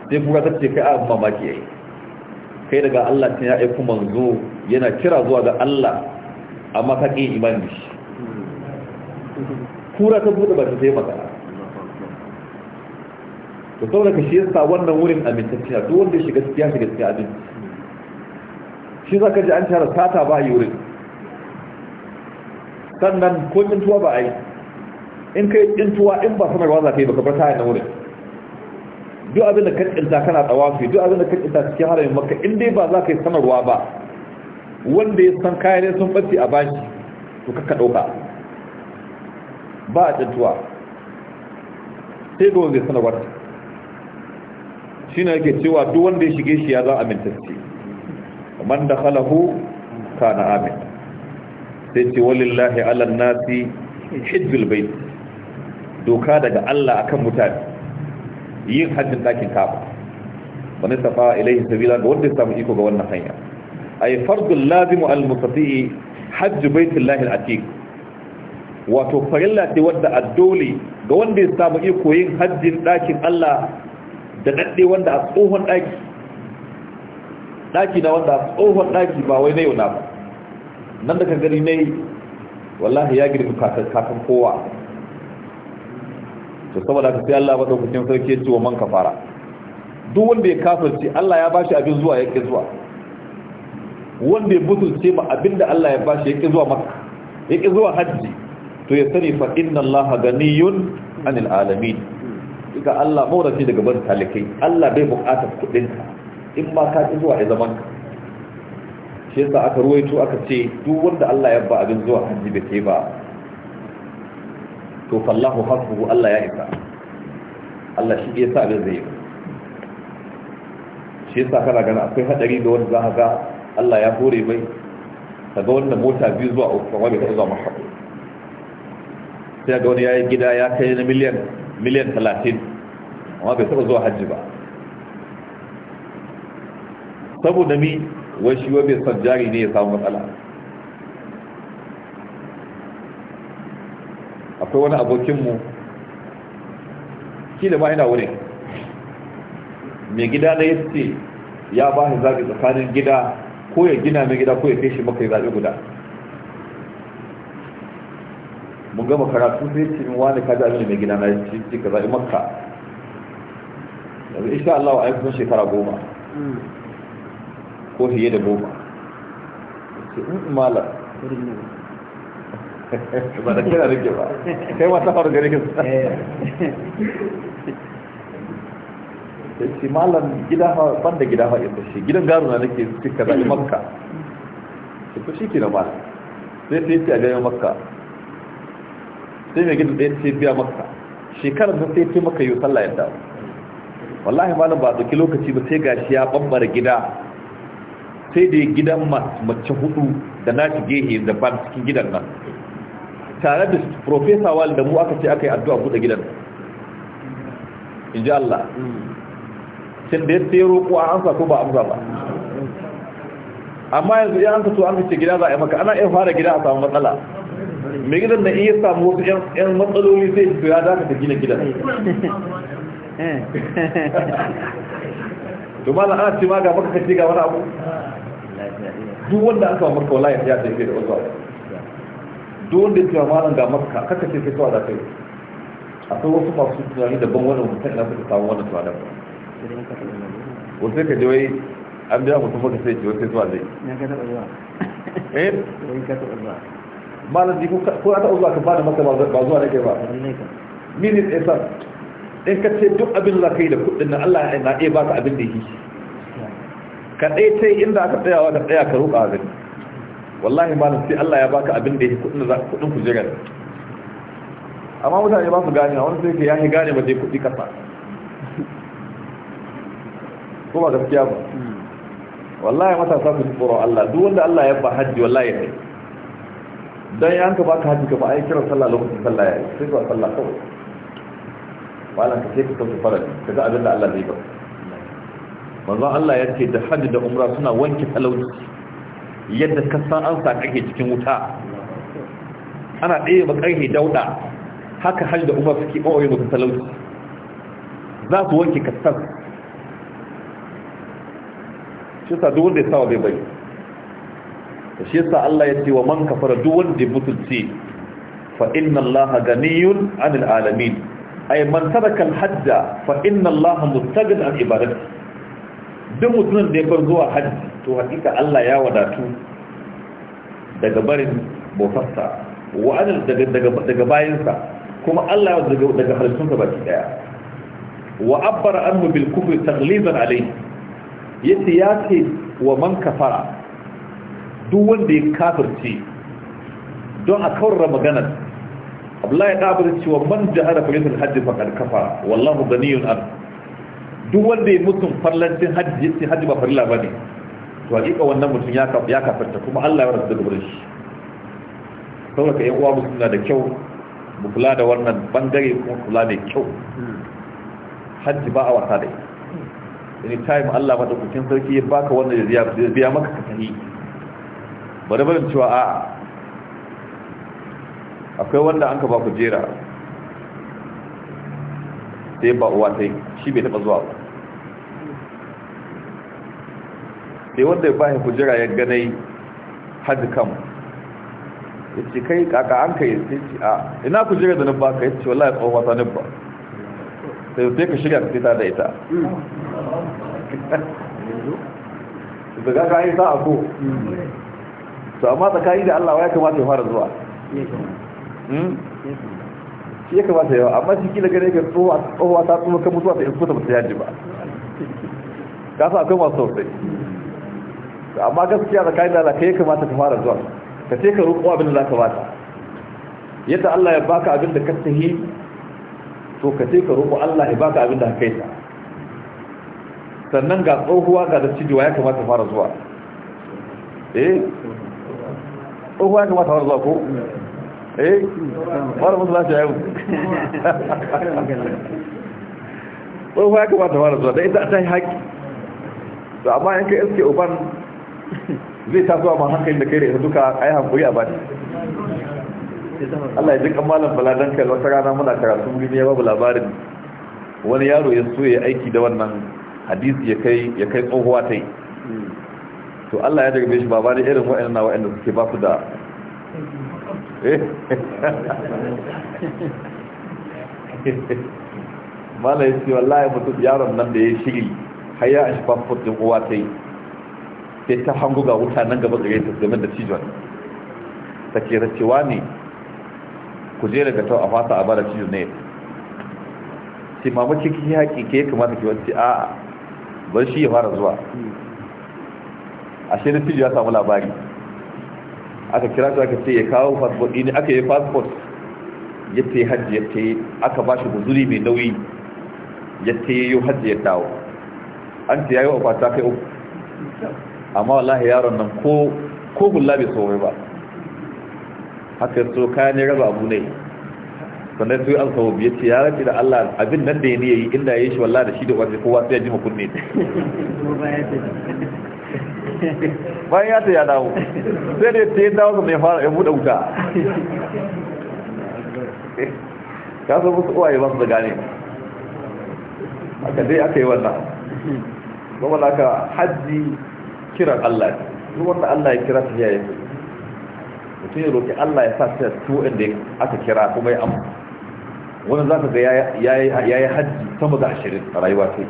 Speaker 2: sai kura ta ce kai abin mamaki yayi kai daga Allah ta ya aiku manzo yana kira zuwa ga Allah amma ka ƙi imani shi kura ta buɗe ba ta sai magana to saboda ka shi yasa wannan wurin amintacciya duk wanda ya shiga gaskiya shiga gaskiya abin shi za ka ji an tara sata ba a yi wurin sannan ko tuwa ba a yi in ka yi in ba sanarwa za ka yi ba bata yana na wurin duk abin da ka tsinta kana tsawafi duk abin da kan tsinta cikin haramin maka in dai ba za ka yi sanarwa ba wanda ya san kayan ya sun ɓace a bashi to ka ɗauka ba a tuwa. sai da wanda ya sanarwa ta shine yake cewa duk wanda ya shige shi ya za amintacce man dakhalahu kana amin sai ce wallahi ala nasi hijjul bait doka daga Allah akan mutane yin hajjin dakin kafa wani safa ilaihi sabila ga wanda ya samu iko ga wannan hanya ay fardul lazimu al mustati hajj baitullahi al atiq wato farilla ce wadda addoli ga wanda ya samu iko yin hajjin dakin Allah da daɗe wanda a tsohon ɗaki ɗaki na wanda a tsohon ɗaki ba wai na yau na ba nan da kan gani ne wallahi ya girbi kakan kowa to saboda ka sai Allah madaukakin sarki ya ce wa man kafara duk wanda ya kafirce Allah ya bashi abin zuwa yake zuwa wanda ya butulce ma abinda Allah ya bashi yake zuwa maka yake zuwa hajji to ya sani fa inna Allah ganiyun anil alamin ga Allah maurafi daga ban talikai Allah bai bukatar kuɗinka, in ma ka zuwa ya zaman ka shi yasa aka ruwaito aka ce duk wanda Allah ya ba abin zuwa hajji bai kai ba to fallahu hasbuhu Allah ya isa Allah shi ya sa abin zai yi shi yasa kana gana akwai hadari da wanda zaka ga Allah ya hore mai daga wannan mota biyu zuwa uku kamar bai zuwa mahaɗu sai ga wani ya yi gida ya kai na miliyan miliyan talatin amma bai taɓa zuwa hajji ba saboda mi wai shi wa bai son jari ne ya samu matsala akwai wani abokinmu da ma yana wurin mai gida na yace ya ba shi zaɓi tsakanin gida ko ya gina mai gida ko ya kai shi maka ya zaɓi guda gama karatu sai ce in wani kaji abin da mai gina na yi ci kaza in makka yanzu insha Allah wa ayyukan shekara goma ko fiye da goma ce in mm, mm, malam [LAUGHS] ba da kira rike ba kai wata faru safar gari ka [LAUGHS] sai malam gida fa banda gida fa yadda shi gidan garu na nake suka zai makka sai ku shi ke na malam sai sai a gaya makka sai mai gidan ɗaya sai biya maka shekarar da sai ce maka yi sallah ya dawo wallahi malam ba ɗauki lokaci ba sai gashi ya bambara gida sai da gidan mace hudu da na shi gehe da ban cikin gidan nan tare da profesa wal da mu aka ce aka yi addu'a buɗe gidan in ji Allah sai da ya sai roƙo a amsa ko ba amsa ba amma yanzu ya amsa to an ce gida za a yi maka ana iya fara gida a samu matsala mai gidan na iya samu wasu yan matsaloli zai su ya daga ta gina gidan domin [LAUGHS] ana ce ma ga maka kace ga wani abu duk wanda aka wa maka wala ya ta yi da wasu abu duk wanda ya ce malam ga maka kaka ce sai kawai da kai akwai wasu masu tunani daban wani mutum na suka samu wani tunanin ba wasu ka je wai an biya mutum baka sai ce wasu zuwa zai eh malaji ko ta zuwa ka masa maka ba zuwa nake ba minit isa in ka ce duk abin za ka yi da kudin na Allah na iya baka abin da yi ka ɗaya inda aka tsayawa ka tsaya ka roƙa abin wallahi malam sai Allah ya baka abin da yi kudin da kudin ku jira amma mutane ba su gane a wani sai ya yi gane ba je kuɗi kasa ko ba gaskiya ba hmm. wallahi matasa su ji tsoron Allah duk wanda Allah ya ba hajji wallahi ya kai don yan ka baka ka ba a yi kiran sallah lokacin sallah ya yi sai zuwa sallah kawai malam ka sai ka sauke farali ka ga abin da Allah zai ba manzon Allah ya ce da hajji da umra suna wanke talauci yadda ka san an sa kake cikin wuta ana ɗaya ba ƙarfe dauɗa haka hajji da umra suke yi maka talauci za su wanke kasar shi sa duk wanda ya sawa bai bai to shi yasa Allah ya ce wa man kafara duk wanda ya butulce fa inna Allah ganiyun 'anil alamin ay man taraka al-hajj fa inna Allah mustaghin an ibadati duk mutumin da ya bar zuwa hajji to hakika Allah ya wadatu daga barin bautarsa wa anil daga daga daga bayinsa kuma Allah ya daga daga halittunsa baki daya wa abbara anhu bil kufri taghliban alayhi yace ya ce wa man kafara duk wanda ya kafirce don a kawar maganar abdullahi kafir cewa man jahara farisul hajji faqad kafa wallahu ghaniyun an duk wanda ya mutum farlancin hajji sai hajji ba farilla bane to hakika wannan mutum ya ya kafirta kuma Allah ya rasu daga gurin shi saboda yan uwa musulmi da kyau mu kula da wannan bangare kuma kula da kyau hajji ba a wasa da ita anytime Allah madaukakin sarki ya baka wannan ya biya maka ka sahihi bari barin cewa a'a akwai wanda an ka ba ku jera sai ba uwa sai shi bai taɓa zuwa ba sai wanda ya bayan kujera ya ganai hajji kan ya ce kai kaka an ka yi sai ce a ina kujera da ba ka yi ce wallahi tsawon wata nufa sai sai ka shirya ka fita da ita hmm. daga ka yi sa'a ko hmm. to amma tsakani da Allah ya kamata ya fara zuwa hmm? shi ya kamata yawa amma shi kila gane ka tsohuwa ta tsohuwa kan mutuwa ta isko ta mutu yaji ba ka sa akwai masu sosai amma gaskiya tsakani da Allah kai ya kamata ka fara zuwa ka ce ka roƙo abin da za ka bata yadda Allah ya baka abin da ka tahi to ka ce ka roƙo Allah ya baka abin da ka kai ta sannan ga tsohuwa ga da cijiwa ya kamata fara zuwa eh tsohuwa ya kamata wani ko? eh wani musu lafiya yau tsohuwa ya kamata wani zuwa da ita ta yi haƙi da amma yanka iske uban zai tasowa ma hankali da kai da ita duka ai hankuri a bani Allah ya ji kamalan baladan kai wata rana muna karatu gini ya babu labarin wani yaro ya so ya aiki da wannan hadisi ya kai tsohuwa ta yi to Allah ya daga shi baba irin wa'in na da suke ba su da eh? [LAUGHS] mala ya ce wallahi mutum yaron nan da ya shiri har ya shi famfot uwa ta yi sai ta hangu ga wuta nan gaba gare ta game da cijon ta ke racewa ne ku je daga tau a fata a bada cijon ne Sai mamaki kiki haƙi ke kamata ke wace a bar shi ya fara zuwa ashe da ya samu labari aka kira su aka ce ya kawo passport ɗini aka yi passport ya ce hajji ya ce aka ba shi guzuri mai nauyi ya ce yi hajji ya dawo an ce ya yi wa fata kai uku amma wallahi yaron nan ko ko gulla bai so ba haka so kayan ne raba abu ne sannan yi an sawo biyar ce ya race da Allah abin nan da ya ne yayi inda yi shi wallah da shi da wasu kowa sai ya ji mu kunne [LAUGHS] bayan ya ta ya dawo sai da ta yi dawo zama ya fara ya buɗe wuta ya su wasu uwaye ba masu da gane aka dai aka yi wannan zama da aka hajji kiran allah su wanda allah ya kira tafiya ya mutum ya roƙi allah ya sa ta su inda aka kira kuma ya amma wani za ka ga ya yi hajji sama da ashirin a rayuwa sai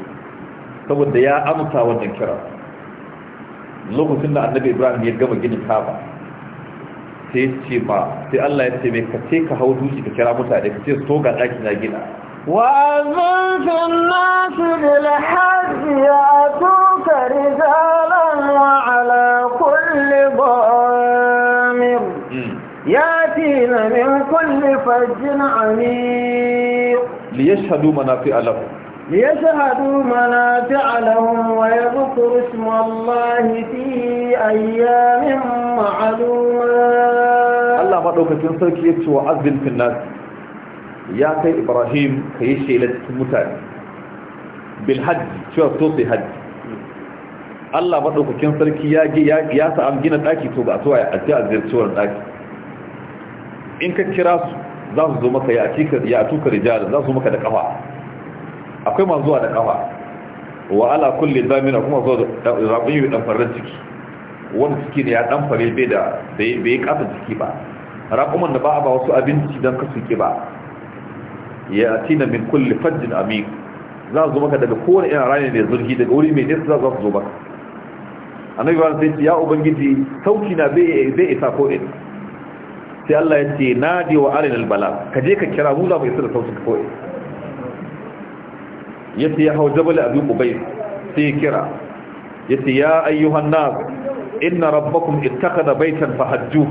Speaker 2: saboda ya amsa wannan kiran lokacin da annabi ibrahim ya gama ginin kaba sai ce ba sai allah ya ce mai ka ce ka hau dushi ka kira mutane ka ce to toga daki na gina
Speaker 1: wazantin nasu bila hajji ya tuka rizalan wa kulli bamir hmm. ya tina min kulli fajjin amir
Speaker 2: li yashhadu manafi alahu
Speaker 1: ليشهدوا منافع لهم ويذكروا اسم الله في أيام معلومة
Speaker 2: الله فأدوك تنسلك يتشو عزل في الناس ياتي إبراهيم كيشي لتمتاني بالحج شو توطي حج Allah ba sarki ya ya sa'am gina ɗaki to ba a tuwa ya ajiye a ziyarciwar ɗaki in ka kira su za su zo maka ya tuka rijar za su maka da ƙafa akwai ma zuwa da kafa wa ala kulli zamina kuma zo da rabin yi dan farin ciki wanda ciki ne ya dan fare bai da bai kafa ciki ba raƙuman da ba a ba wasu abinci don kasu ki ba ya atina min kulli fajjin amin za zo maka daga kowane ina rani da zurgi daga wuri mai nisa za zo maka annabi ba sai ya ubangiji sauki na bai isa ko ne sai Allah ya ce nadi wa arin Bala ka je ka kira mu za mu isa da sauki ko ne yace ya hau jabal abi ubayy sai ya kira yace ya ayyuhan nas inna rabbakum ittakhadha baytan fahajju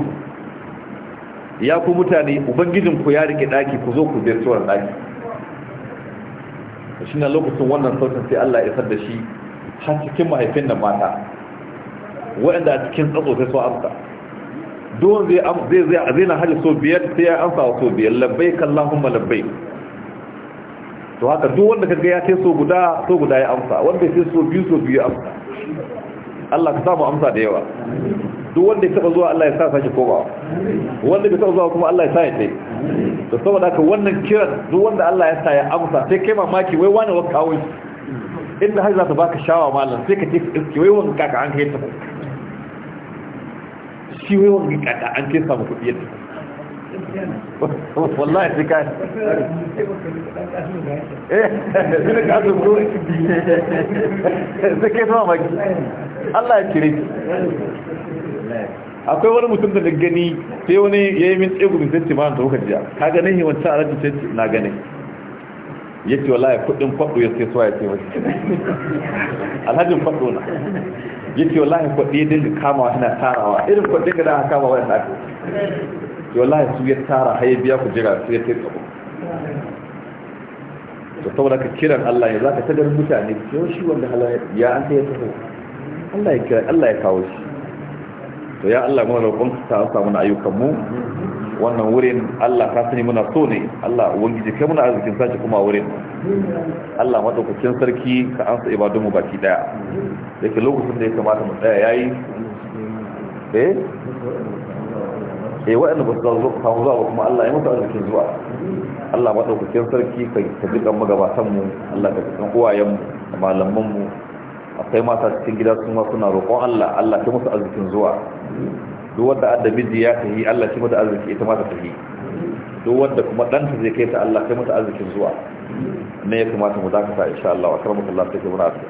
Speaker 2: ya ku mutane ubangijinku ya rike daki ku zo ku ziyarci wannan daki shi na lokacin wannan sautin sai Allah ya da shi har cikin mahaifin nan mata waɗanda a cikin tsatso sai so amsa don zai zai zai na hali so biyar sai ya amsa wa so biyar labbaik Allahumma labbaik to haka duk wanda kaga ya ce guda to guda ya amsa wanda ya ce so biyu so biyu ya amsa Allah ka samu amsa da yawa duk wanda ya taba zuwa Allah ya sa sake komawa wanda bai taba zuwa kuma Allah ya sa ya tai to saboda haka wannan kiran duk wanda Allah ya sa ya amsa sai kai mamaki wai wani wa kawo shi inda har za ta baka shawa mallan sai ka ce ki wai wanka ka an kai ta shi wai wani ka an kai samu kuɗi yadda والله sai kai
Speaker 3: eh sai ka zo ko sai ke zo maki
Speaker 2: akwai wani mutum da gani sai wani yayi min tsegu min sai ma da kuka jiya ka ga nahi wancan arabi sai na gani gane yace wallahi kudin kwado ya sai so ya sai wasu alhajin kwado na ya yace wallahi ya dinga kamawa yana tarawa irin kwadin da aka kama wani aka wallahi su ya tara haye biya ku jira su ya kai tsabo to saboda ka kiran Allah ya zaka tadar mutane yau shi wanda halaya ya an sai ya taho Allah ya kira Allah ya kawo shi to ya Allah muna roƙon ka ta samu na ayyukan mu wannan wurin Allah ka sani muna so ne Allah ubangiji kai muna arzikin sace kuma wurin Allah madaukakin sarki ka ansa ibadun mu baki daya yake lokacin da ya kamata mu tsaya yayi eh eh waɗanda ba su zo samu zuwa kuma Allah ya musu arzikin zuwa Allah ba ɗaukakin sarki ka ji kan magabatan mu Allah ka kan uwayen mu da malaman mu akwai mata cikin gida sun ma suna roƙon Allah Allah ya musu arzikin zuwa duk wanda adda miji ya tafi Allah shi mutu arziki ita ma ta tafi duk wanda kuma ɗanta zai kai ta Allah kai mata arzikin zuwa ne ya kamata mu dakata insha Allah wa karamu Allah sai kuma rafi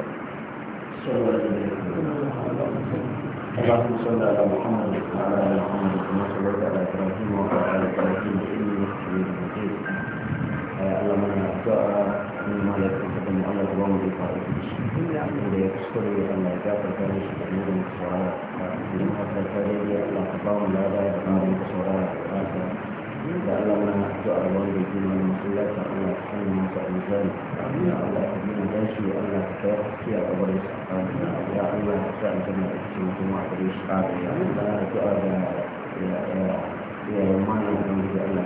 Speaker 3: Allahumma salli ala Muhammad wa ala ali Muhammad Allah muna addu'a in malakin da kuma Allah ba mu da faru da ya kuskure Allah ya gafarta mishi da mu da mu saurara idan haka ta dai Allah ka ba mu lada da ba mu saurara haka da Allah muna addu'a wanda ke mana masallata Allah ka sanya masa alzani ya Allah ka gina gashi Allah ka kai haske a gaban sa ya Allah ka sa aljanna da cikin kuma a gare shi ya Allah ka addu'a da ya ya ya mana da Allah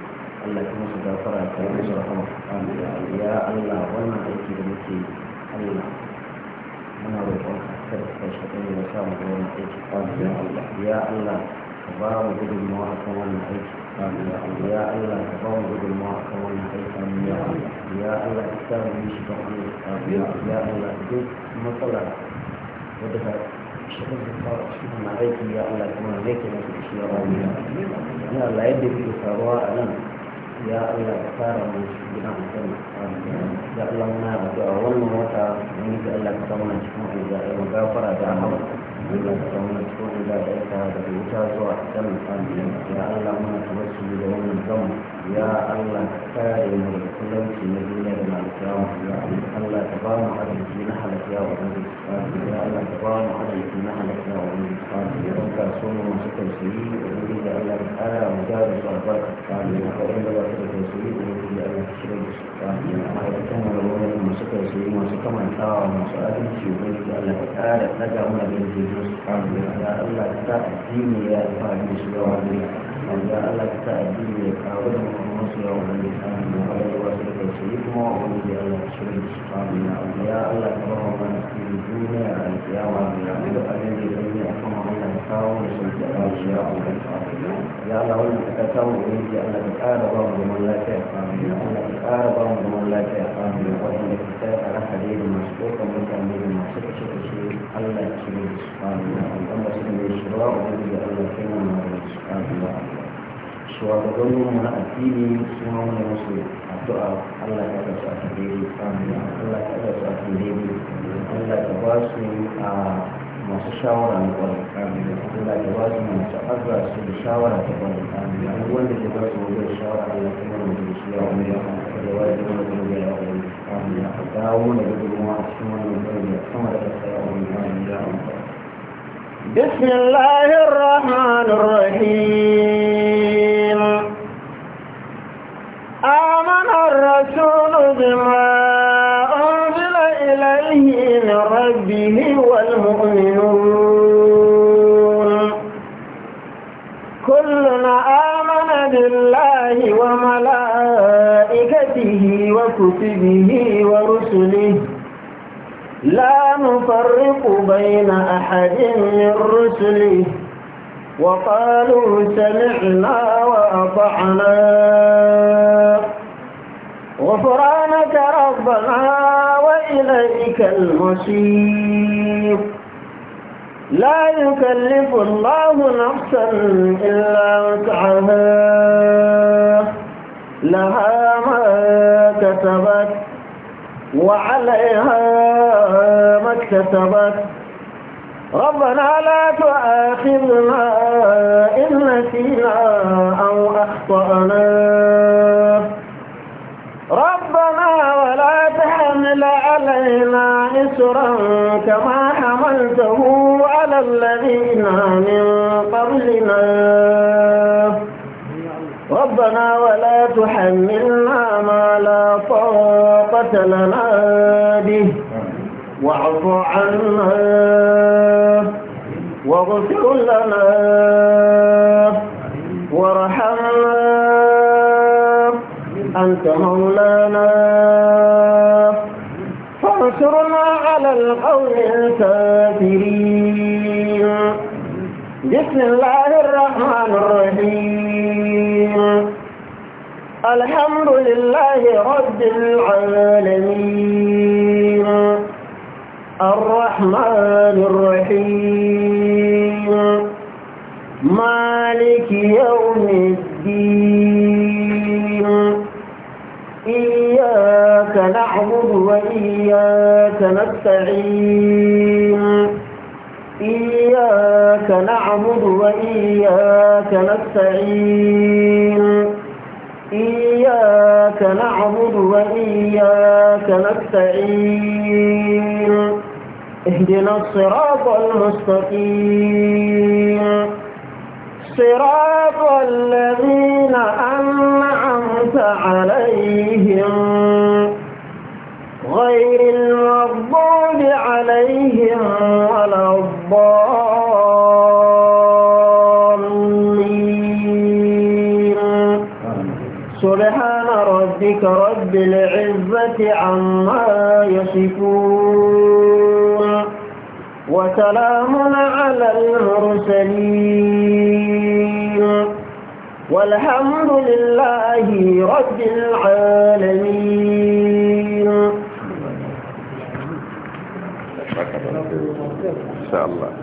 Speaker 3: Allah kuma su gafara ta yi musu rahama ya Allah wannan aiki da muke Allah muna roƙon ka kada ka kashe ɗan ya sa mu wannan aiki ya Allah ya Allah ka ba mu gudunmawa a kan wannan aiki ya Allah ka ba mu gudunmawa a kan wannan aiki ya Allah ya Allah ka sa mu shi don Allah ya Allah duk matsala wadda ka shirin da fara cikin wannan aiki ya Allah kuma ne ke masu shi ya Allah ya Allah yadda yake faruwa a nan ya Allah ka fara mu gidan aljanna ya Allah muna addu'a wannan wata mun ga Allah ka samu cikin aljanna mu gafara da hawa Allah ka samu cikin aljanna ka da wuta zuwa aljanna ya Allah muna tawassuli da wannan zamu ya Allah ka kare mu da kulanci na duniya da alkiyama ya Allah ka ba mu arziki na halaka ya wani ya Allah ka ba mu arziki na halaka ya wani ya Allah ka so mu masu tausayi إلى أن الآن مجاز صعبات الثانية وإن لا تدرس يريد إلى أن تشرب الثانية ويتم الأولى من سكر سليم وسكم الثاوى وسؤال سيبين إلى أن الآن نجا من الجزء الثانية إلى أن لا تأتين إلى أفعال سلوى إلى أن لا تأتين إلى أفعال سلوى وإن لا تدرس يريد وإن لا تشرب الثانية يا الله تبارك ya Allah wanda ka samu da yake Allah ka ƙara ba mu zaman lafiya amin Allah ka ƙara ba mu zaman lafiya amin wanda ka tsaya a rahare da masu ɗaukar mutane da masu kashe kashe Allah ya cire su amin wanda suka mai shirwa wanda da Allah kai mu na da su amin shugabannin mu na addini su ma muna musu addu'a Allah ya kasu a tare Allah ya su a tare Allah ya ba su a ah, بسم
Speaker 1: الله الرحمن الرحيم آمن الرسول بما ربه والمؤمنون كلنا آمن بالله وملائكته وكتبه ورسله لا نفرق بين أحد من رسله وقالوا سمعنا وأطعنا غفرانك ربنا وإليك المصير لا يكلف الله نفسا إلا وسعها لها ما كسبت وعليها ما اكتسبت ربنا لا تؤاخذنا إن نسينا أو أخطأنا ربنا ولا تحمل علينا إسرا كما حملته على الذين من قبلنا ربنا ولا تحملنا ما لا طاقة لنا به واعف عنا واغفر لنا أنت مولانا فانصرنا على القوم الكافرين بسم الله الرحمن الرحيم الحمد لله رب العالمين الرحمن الرحيم مالك يوم الدين ونعبد وإياك نستعين إياك نعبد وإياك نستعين إياك نعبد وإياك نستعين اهدنا الصراط المستقيم صراط الذين أنعمت عليهم غير المغضوب عليهم ولا الضالين سبحان ربك رب العزة عما يصفون وسلام على المرسلين والحمد لله رب العالمين haka insha
Speaker 3: Allah